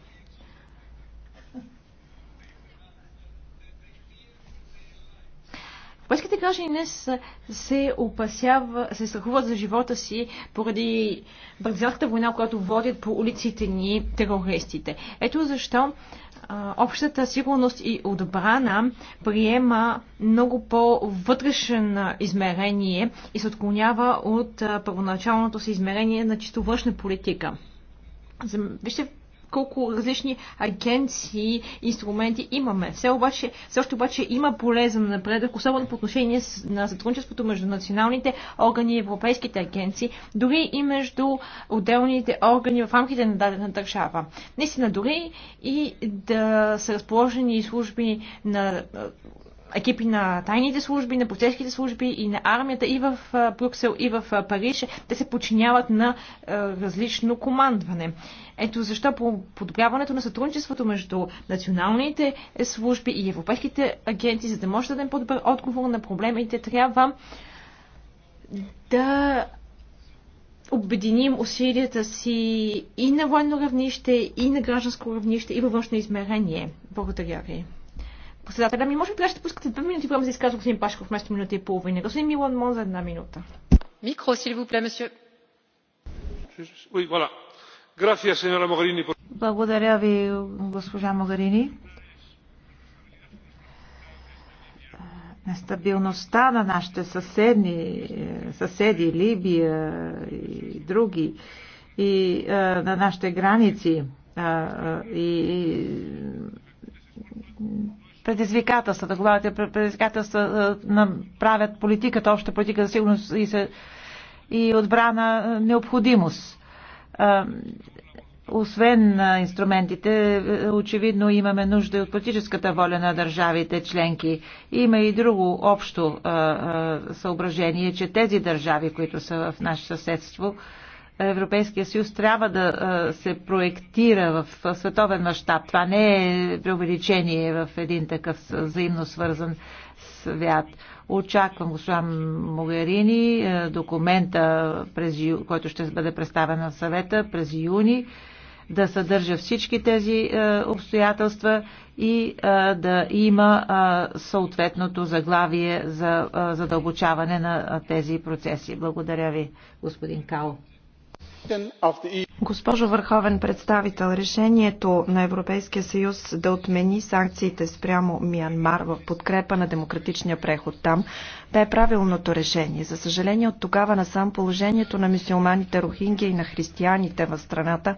Европейските граждани днес се опасява, се страхуват за живота си поради бързалската война, която водят по улиците ни терористите. Ето защо а, общата сигурност и отбрана приема много по-вътрешен измерение и се отклонява от а, първоначалното си измерение на чисто външна политика. Вижте колко различни агенции и инструменти имаме. Все, обаче, все още обаче има поле за напредък, особено по отношение на сътрудничеството между националните органи и европейските агенции, дори и между отделните органи в рамките на дадена държава. Наистина, дори и да са разположени служби на екипи на тайните служби, на полицейските служби и на армията и в Брюксел, и в Париж. Те се подчиняват на различно командване. Ето защо по подобряването на сътрудничеството между националните служби и европейските агенти, за да може да дадем по-добър отговор на проблемите, трябва да обединим усилията си и на военно равнище, и на гражданско равнище, и във външно измерение. Благодаря ви. Председателя ми, може би ще пускате две минути време за изказване, господин Пашков, вместо минута и половина. Господин Милан Мон за една минута. Микро, си ли plaît, monsieur. Oui, Благодаря ви, госпожа Могарини. Нестабилността на нашите съседни, съседи Либия и други и а, на нашите граници а, и, и Предизвикателства, да говорите предизвикателства е, направят политиката, обща политика за сигурност и, се, и отбрана е, необходимост. Е, освен инструментите, очевидно имаме нужда и от политическата воля на държавите членки. Има и друго общо съображение, че тези държави, които са в наше съседство, Европейския съюз трябва да се проектира в световен мащаб. Това не е преувеличение в един такъв взаимно свързан свят. Очаквам госпожа Могерини документа, през, който ще бъде представен на съвета през юни, да съдържа всички тези обстоятелства и да има съответното заглавие за задълбочаване на тези процеси. Благодаря ви, господин Као. Госпожо Върховен представител, решението на Европейския съюз да отмени санкциите спрямо Миянмар в подкрепа на демократичния преход там е правилното решение. За съжаление от тогава насам положението на мисиоманите Рохингия и на християните в страната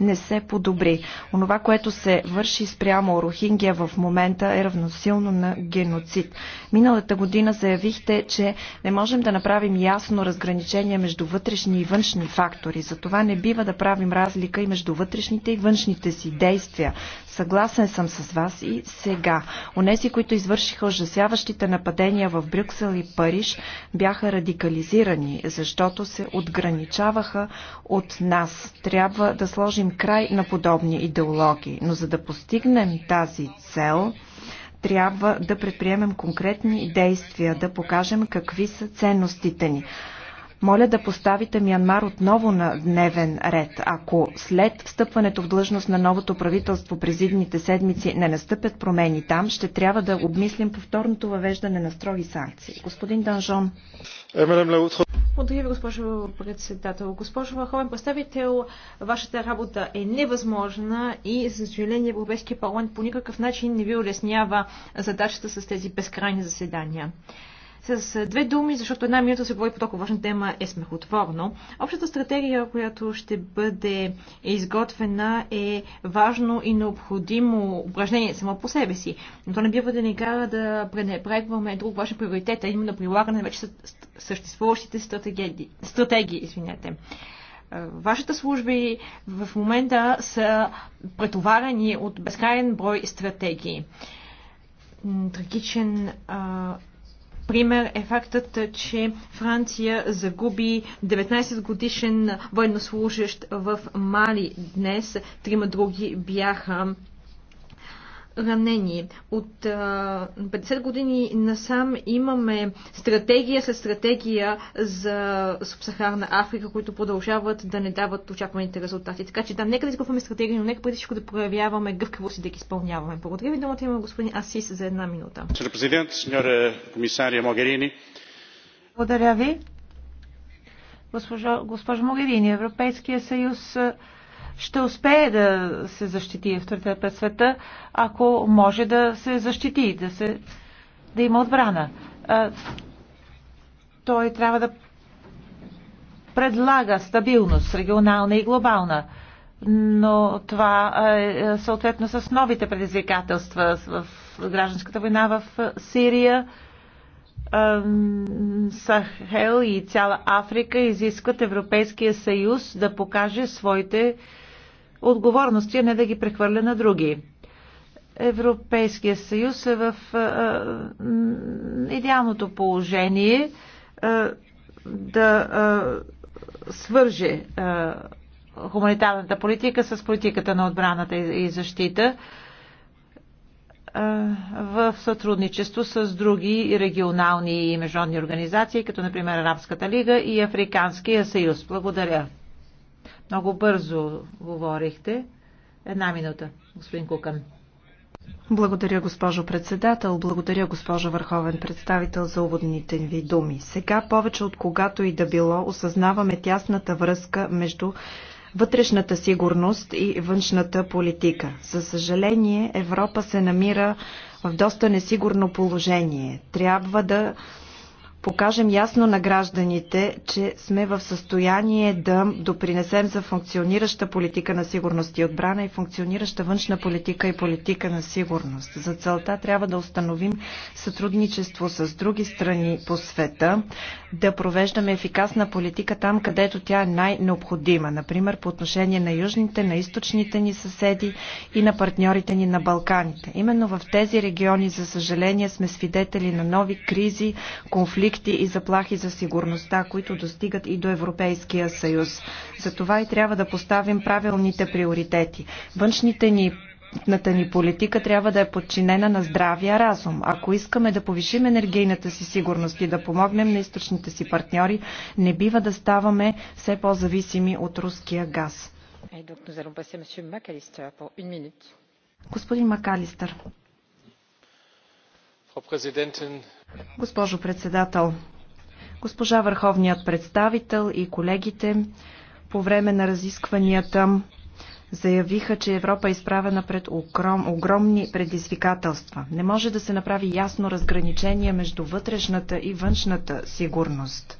не се подобри. Онова, което се върши спрямо Рохингия в момента е равносилно на геноцид. Миналата година заявихте, че не можем да направим ясно разграничение между вътрешни и външни фактори. Затова не бива да правим разлика и между вътрешните и външните си действия. Съгласен съм с вас и сега. Онези, които извършиха ужасяващите нападения в Брюксел и Париж, бяха радикализирани, защото се отграничаваха от нас. Трябва да сложим край на подобни идеологии. Но за да постигнем тази цел, трябва да предприемем конкретни действия, да покажем какви са ценностите ни. Моля да поставите Мянмар отново на дневен ред. Ако след встъпването в длъжност на новото правителство през идните седмици не настъпят промени там, ще трябва да обмислим повторното въвеждане на строги санкции. Господин Данжон. Благодаря ви, госпожо председател. Госпожо Върховен представител, вашата работа е невъзможна и, за съжаление, Европейския парламент по никакъв начин не ви улеснява задачата с тези безкрайни заседания. С две думи, защото една минута се говори по толкова важна тема е смехотворно. Общата стратегия, която ще бъде изготвена е важно и необходимо упражнение само по себе си. Но то не бива да ни кара да пренебрегваме друг важен приоритет, а именно прилагане на вече съществуващите стратегии. стратегии извинете. Вашите служби в момента са претоварени от безкрайен брой стратегии трагичен а, Пример е фактът, че Франция загуби 19 годишен военнослужащ в Мали днес. Трима други бяха ранени. От 50 години насам имаме стратегия след стратегия за Субсахарна Африка, които продължават да не дават очакваните резултати. Така че да, нека да изготвяме стратегия, но нека преди всичко да проявяваме гъвкавост и да ги изпълняваме. Благодаря ви, думата има господин Асис за една минута. Благодаря ви. Госпожо, госпожо Могерини, Европейския съюз ще успее да се защити авторитет пред света, ако може да се защити, да, се, да има отбрана. А, той трябва да предлага стабилност, регионална и глобална. Но това е съответно с новите предизвикателства в гражданската война в Сирия. Сахел и цяла Африка изискват Европейския съюз да покаже своите отговорности, а не да ги прехвърля на други. Европейския съюз е в а, а, идеалното положение а, да а, свърже а, хуманитарната политика с политиката на отбраната и, защита в сътрудничество с други регионални и международни организации, като например Арабската лига и Африканския съюз. Благодаря. Много бързо говорихте. Една минута, господин Кукан. Благодаря, госпожо председател. Благодаря, госпожо върховен представител, за уводните ви думи. Сега повече от когато и да било осъзнаваме тясната връзка между вътрешната сигурност и външната политика. За съжаление, Европа се намира в доста несигурно положение. Трябва да покажем ясно на гражданите, че сме в състояние да допринесем за функционираща политика на сигурност и отбрана и функционираща външна политика и политика на сигурност. За целта трябва да установим сътрудничество с други страни по света, да провеждаме ефикасна политика там, където тя е най-необходима, например по отношение на южните, на източните ни съседи и на партньорите ни на Балканите. Именно в тези региони, за съжаление, сме свидетели на нови кризи, конфликти, конфликти и заплахи за сигурността, които достигат и до Европейския съюз. Затова и трябва да поставим правилните приоритети. Външните ни енергийната ни политика трябва да е подчинена на здравия разум. Ако искаме да повишим енергийната си сигурност и да помогнем на източните си партньори, не бива да ставаме все по-зависими от руския газ. Господин Макалистър. Госпожо председател, госпожа Върховният представител и колегите по време на разискванията заявиха, че Европа е изправена пред огром, огромни предизвикателства. Не може да се направи ясно разграничение между вътрешната и външната сигурност.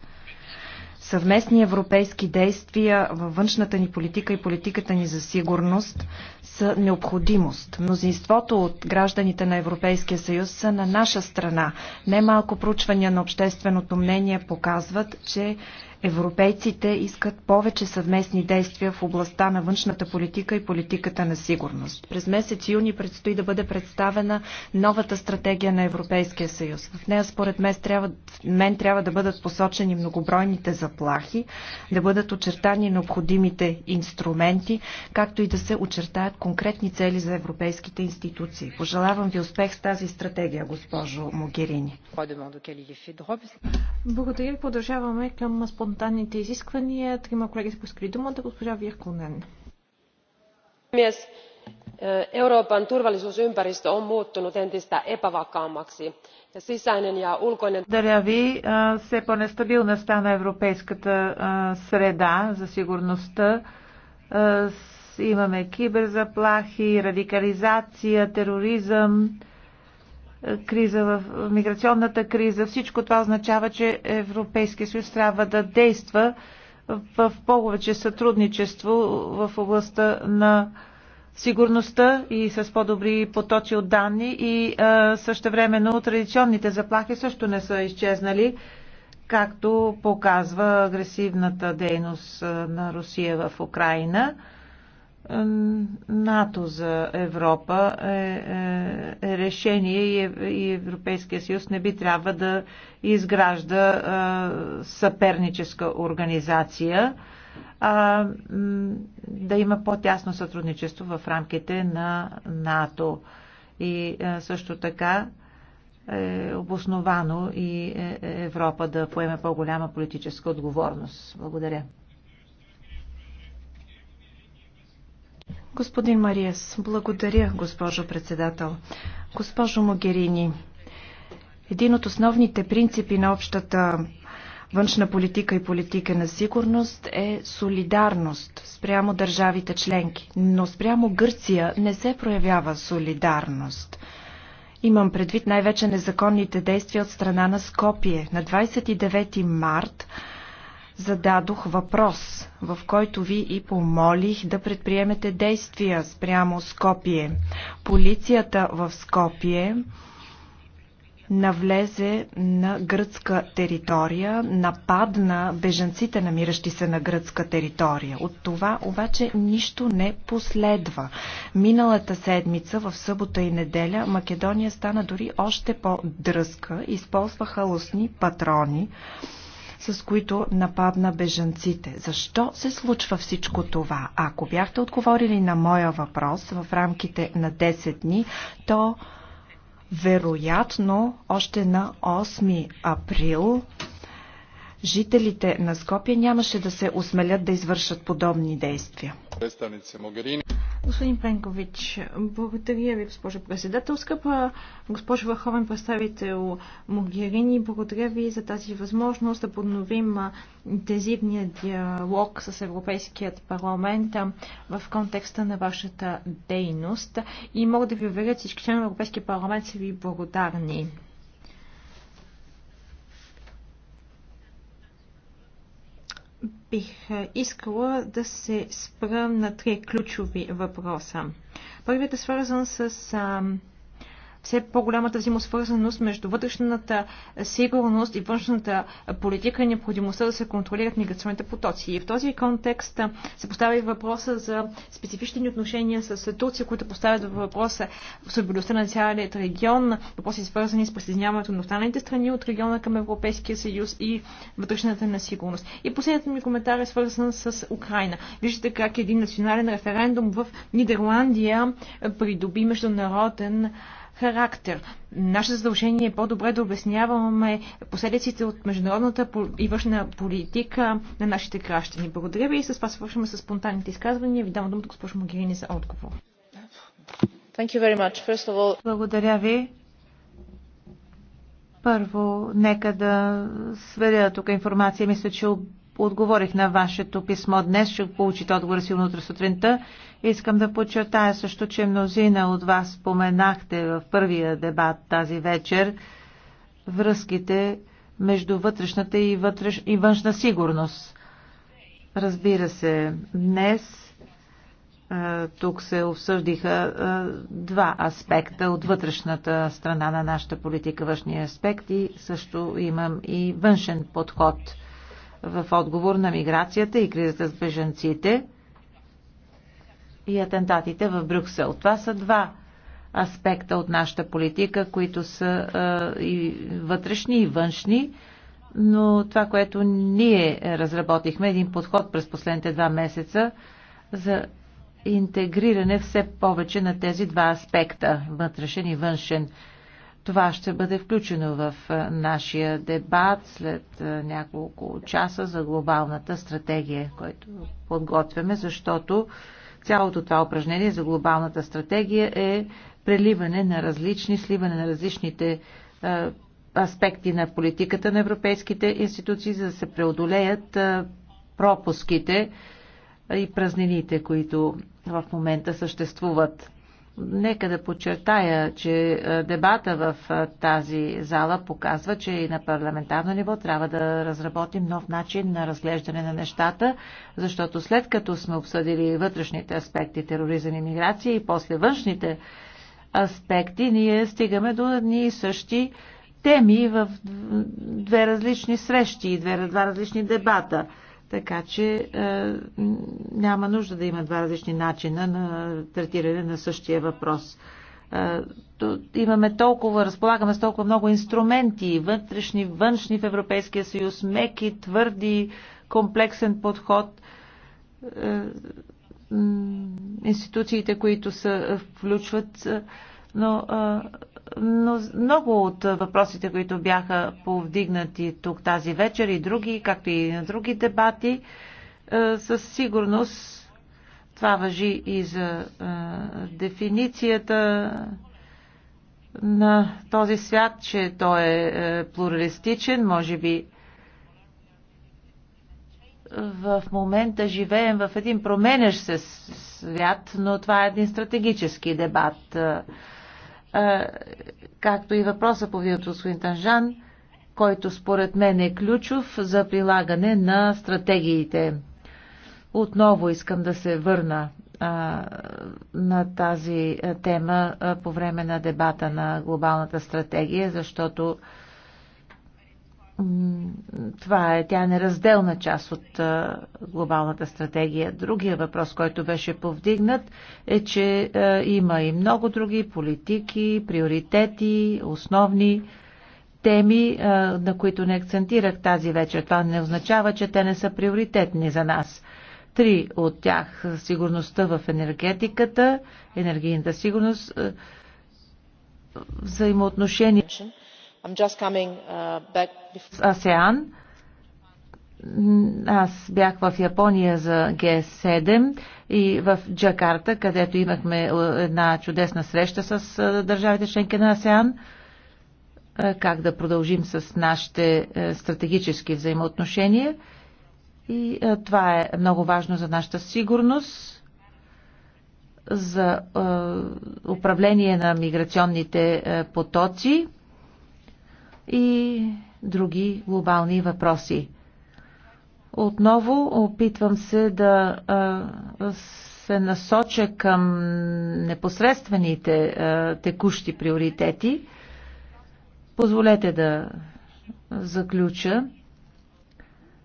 Съвместни европейски действия във външната ни политика и политиката ни за сигурност са необходимост. Мнозинството от гражданите на Европейския съюз са на наша страна. Немалко проучвания на общественото мнение показват, че Европейците искат повече съвместни действия в областта на външната политика и политиката на сигурност. През месец юни предстои да бъде представена новата стратегия на Европейския съюз. В нея според мен трябва, мен трябва да бъдат посочени многобройните заплахи, да бъдат очертани необходимите инструменти, както и да се очертаят конкретни цели за европейските институции. Пожелавам ви успех с тази стратегия, госпожо Могерини. Благодаря. Продължаваме към спонтанните спонтанните изисквания. Трима колеги са поискали думата. Госпожа Вирконен. Euroopan turvallisuusympäristö on muuttunut entistä epävakaammaksi ja sisäinen ja ulkoinen... Благодаря ви. Все по-нестабилна стана европейската среда за сигурността. Имаме киберзаплахи, радикализация, тероризъм криза, в миграционната криза. Всичко това означава, че Европейския съюз трябва да действа в повече сътрудничество в областта на сигурността и с по-добри потоци от данни и също времено традиционните заплахи също не са изчезнали, както показва агресивната дейност на Русия в Украина. НАТО за Европа е, е, е решение и Европейския съюз не би трябва да изгражда е, съперническа организация, а да има по-тясно сътрудничество в рамките на НАТО. И е, също така е обосновано и е, Европа да поеме по-голяма политическа отговорност. Благодаря. Господин Мариес, благодаря, госпожо председател. Госпожо Могерини, един от основните принципи на общата външна политика и политика на сигурност е солидарност спрямо държавите членки, но спрямо Гърция не се проявява солидарност. Имам предвид най-вече незаконните действия от страна на Скопие. На 29 март зададох въпрос, в който ви и помолих да предприемете действия спрямо Скопие. Полицията в Скопие навлезе на гръцка територия, нападна бежанците, намиращи се на гръцка територия. От това обаче нищо не последва. Миналата седмица, в събота и неделя, Македония стана дори още по-дръзка, използваха лосни патрони с които нападна бежанците. Защо се случва всичко това? Ако бяхте отговорили на моя въпрос в рамките на 10 дни, то вероятно още на 8 април жителите на Скопия нямаше да се осмелят да извършат подобни действия. Господин Пенкович, благодаря ви, госпожо председател. Скъпа госпожо Върховен представител Могерини, благодаря ви за тази възможност да подновим интензивния диалог с Европейският парламент в контекста на вашата дейност. И мога да ви уверя, всички членове на Европейския парламент са ви благодарни. бих е, искала да се спра на три ключови въпроса. Първият е свързан с все по-голямата взаимосвързаност между вътрешната сигурност и външната политика и необходимостта да се контролират миграционните потоци. И в този контекст се поставя и въпроса за специфични отношения с Турция, които поставят въпроса в стабилността на цялият регион, въпроси свързани с присъединяването на останалите страни от региона към Европейския съюз и вътрешната несигурност. И последният ми коментар е свързан с Украина. Виждате как един национален референдум в Нидерландия придоби международен характер. Наше задължение е по-добре да обясняваме последиците от международната и външна политика на нашите граждани. Благодаря ви и с това свършваме с спонтанните изказвания. Ви давам думата госпожо Могерини за отговор. All... Благодаря ви. Първо, нека да сведя тук информация. Мисля, че отговорих на вашето писмо днес, ще получите отговора си утре сутринта. Искам да подчертая също, че мнозина от вас споменахте в първия дебат тази вечер връзките между вътрешната и, вътреш... и външна сигурност. Разбира се, днес тук се обсъдиха два аспекта от вътрешната страна на нашата политика, външния аспект и също имам и външен подход – в отговор на миграцията и кризата с бежанците и атентатите в Брюксел. Това са два аспекта от нашата политика, които са а, и вътрешни, и външни, но това, което ние разработихме, е един подход през последните два месеца за интегриране все повече на тези два аспекта, вътрешен и външен. Това ще бъде включено в нашия дебат след няколко часа за глобалната стратегия, който подготвяме, защото цялото това упражнение за глобалната стратегия е преливане на различни, сливане на различните аспекти на политиката на европейските институции, за да се преодолеят пропуските и празнините, които в момента съществуват. Нека да подчертая, че дебата в тази зала показва, че и на парламентарно ниво трябва да разработим нов начин на разглеждане на нещата, защото след като сме обсъдили вътрешните аспекти тероризъм и миграция и после външните аспекти, ние стигаме до едни и същи теми в две различни срещи и два различни дебата. Така че е, няма нужда да има два различни начина на третиране на същия въпрос. Е, то, имаме толкова, разполагаме с толкова много инструменти, вътрешни, външни в Европейския съюз, меки, твърди, комплексен подход. Е, институциите, които се е, включват, е, но е, но много от въпросите, които бяха повдигнати тук тази вечер и други, както и на други дебати, е, със сигурност това въжи и за е, дефиницията на този свят, че той е, е плуралистичен, може би в момента живеем в един променящ се свят, но това е един стратегически дебат както и въпроса по от господин Танжан, който според мен е ключов за прилагане на стратегиите. Отново искам да се върна на тази тема по време на дебата на глобалната стратегия, защото това е, тя е неразделна част от а, глобалната стратегия. Другия въпрос, който беше повдигнат, е, че а, има и много други политики, приоритети, основни теми, а, на които не акцентирах тази вечер. Това не означава, че те не са приоритетни за нас. Три от тях сигурността в енергетиката, енергийната сигурност, взаимоотношения. АСЕАН. Uh, Аз бях в Япония за Г7 и в Джакарта, където имахме е, една чудесна среща с е, държавите членки на АСЕАН. Как да продължим с нашите е, стратегически взаимоотношения. И това е много важно за нашата сигурност, за управление на миграционните потоци и други глобални въпроси. Отново опитвам се да се насоча към непосредствените текущи приоритети. Позволете да заключа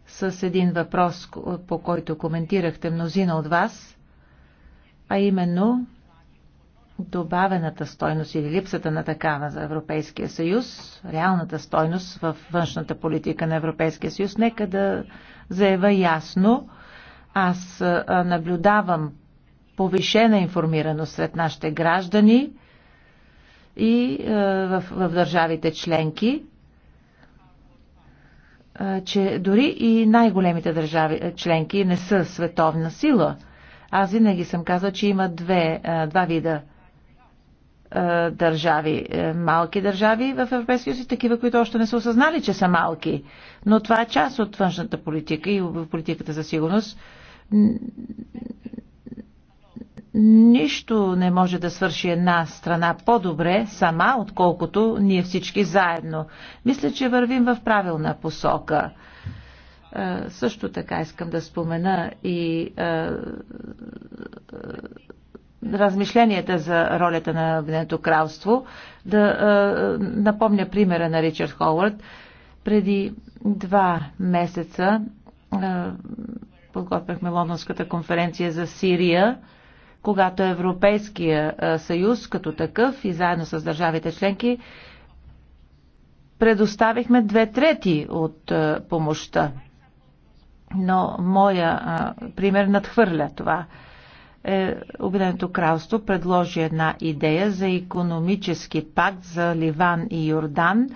с един въпрос, по който коментирахте мнозина от вас, а именно добавената стойност или липсата на такава за Европейския съюз, реалната стойност в външната политика на Европейския съюз, нека да заява ясно. Аз наблюдавам повишена информираност сред нашите граждани и в, в държавите членки, че дори и най-големите държави членки не са световна сила. Аз винаги съм казал, че има две, два вида е, държави, е, малки държави в Европейския съюз и такива, които още не са осъзнали, че са малки. Но това е част от външната политика и в политиката за сигурност. Нищо не може да свърши една страна по-добре сама, отколкото ние всички заедно. Мисля, че вървим в правилна посока. Е, също така искам да спомена и размишленията за ролята на Обединеното кралство. Да е, напомня примера на Ричард Ховард. Преди два месеца е, подготвяхме Лондонската конференция за Сирия, когато Европейския съюз като такъв и заедно с държавите членки предоставихме две трети от е, помощта. Но моя а, пример надхвърля това е, Обединеното кралство предложи една идея за економически пакт за Ливан и Йордан,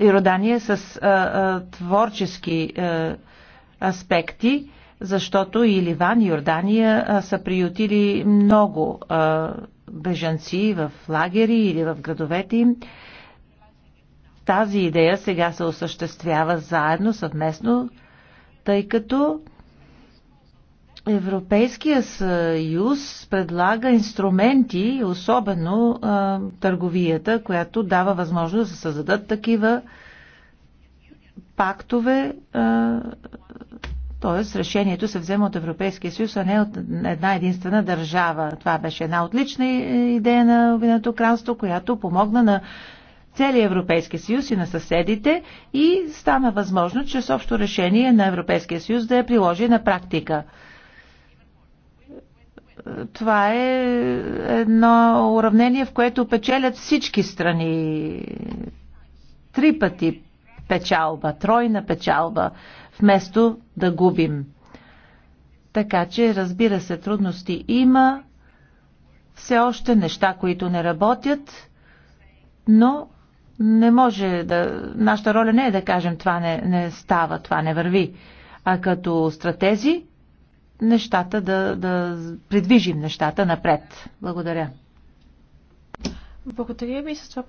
Йордания с а, е, а, е, творчески а, е, аспекти, защото и Ливан и Йордания а, са приютили много а, бежанци в лагери или в градовете им. Тази идея сега се осъществява заедно, съвместно, тъй като Европейския съюз предлага инструменти, особено а, търговията, която дава възможност да се създадат такива пактове, т.е. решението се взема от Европейския съюз, а не от една единствена държава. Това беше една отлична идея на Обединеното кралство, която помогна на целия Европейски съюз и на съседите и стана възможно чрез общо решение на Европейския съюз да я приложи на практика това е едно уравнение, в което печелят всички страни. Три пъти печалба, тройна печалба, вместо да губим. Така че, разбира се, трудности има, все още неща, които не работят, но не може да... Нашата роля не е да кажем това не, не става, това не върви. А като стратези нещата, да, да придвижим нещата напред. Благодаря. Благодаря ви. С това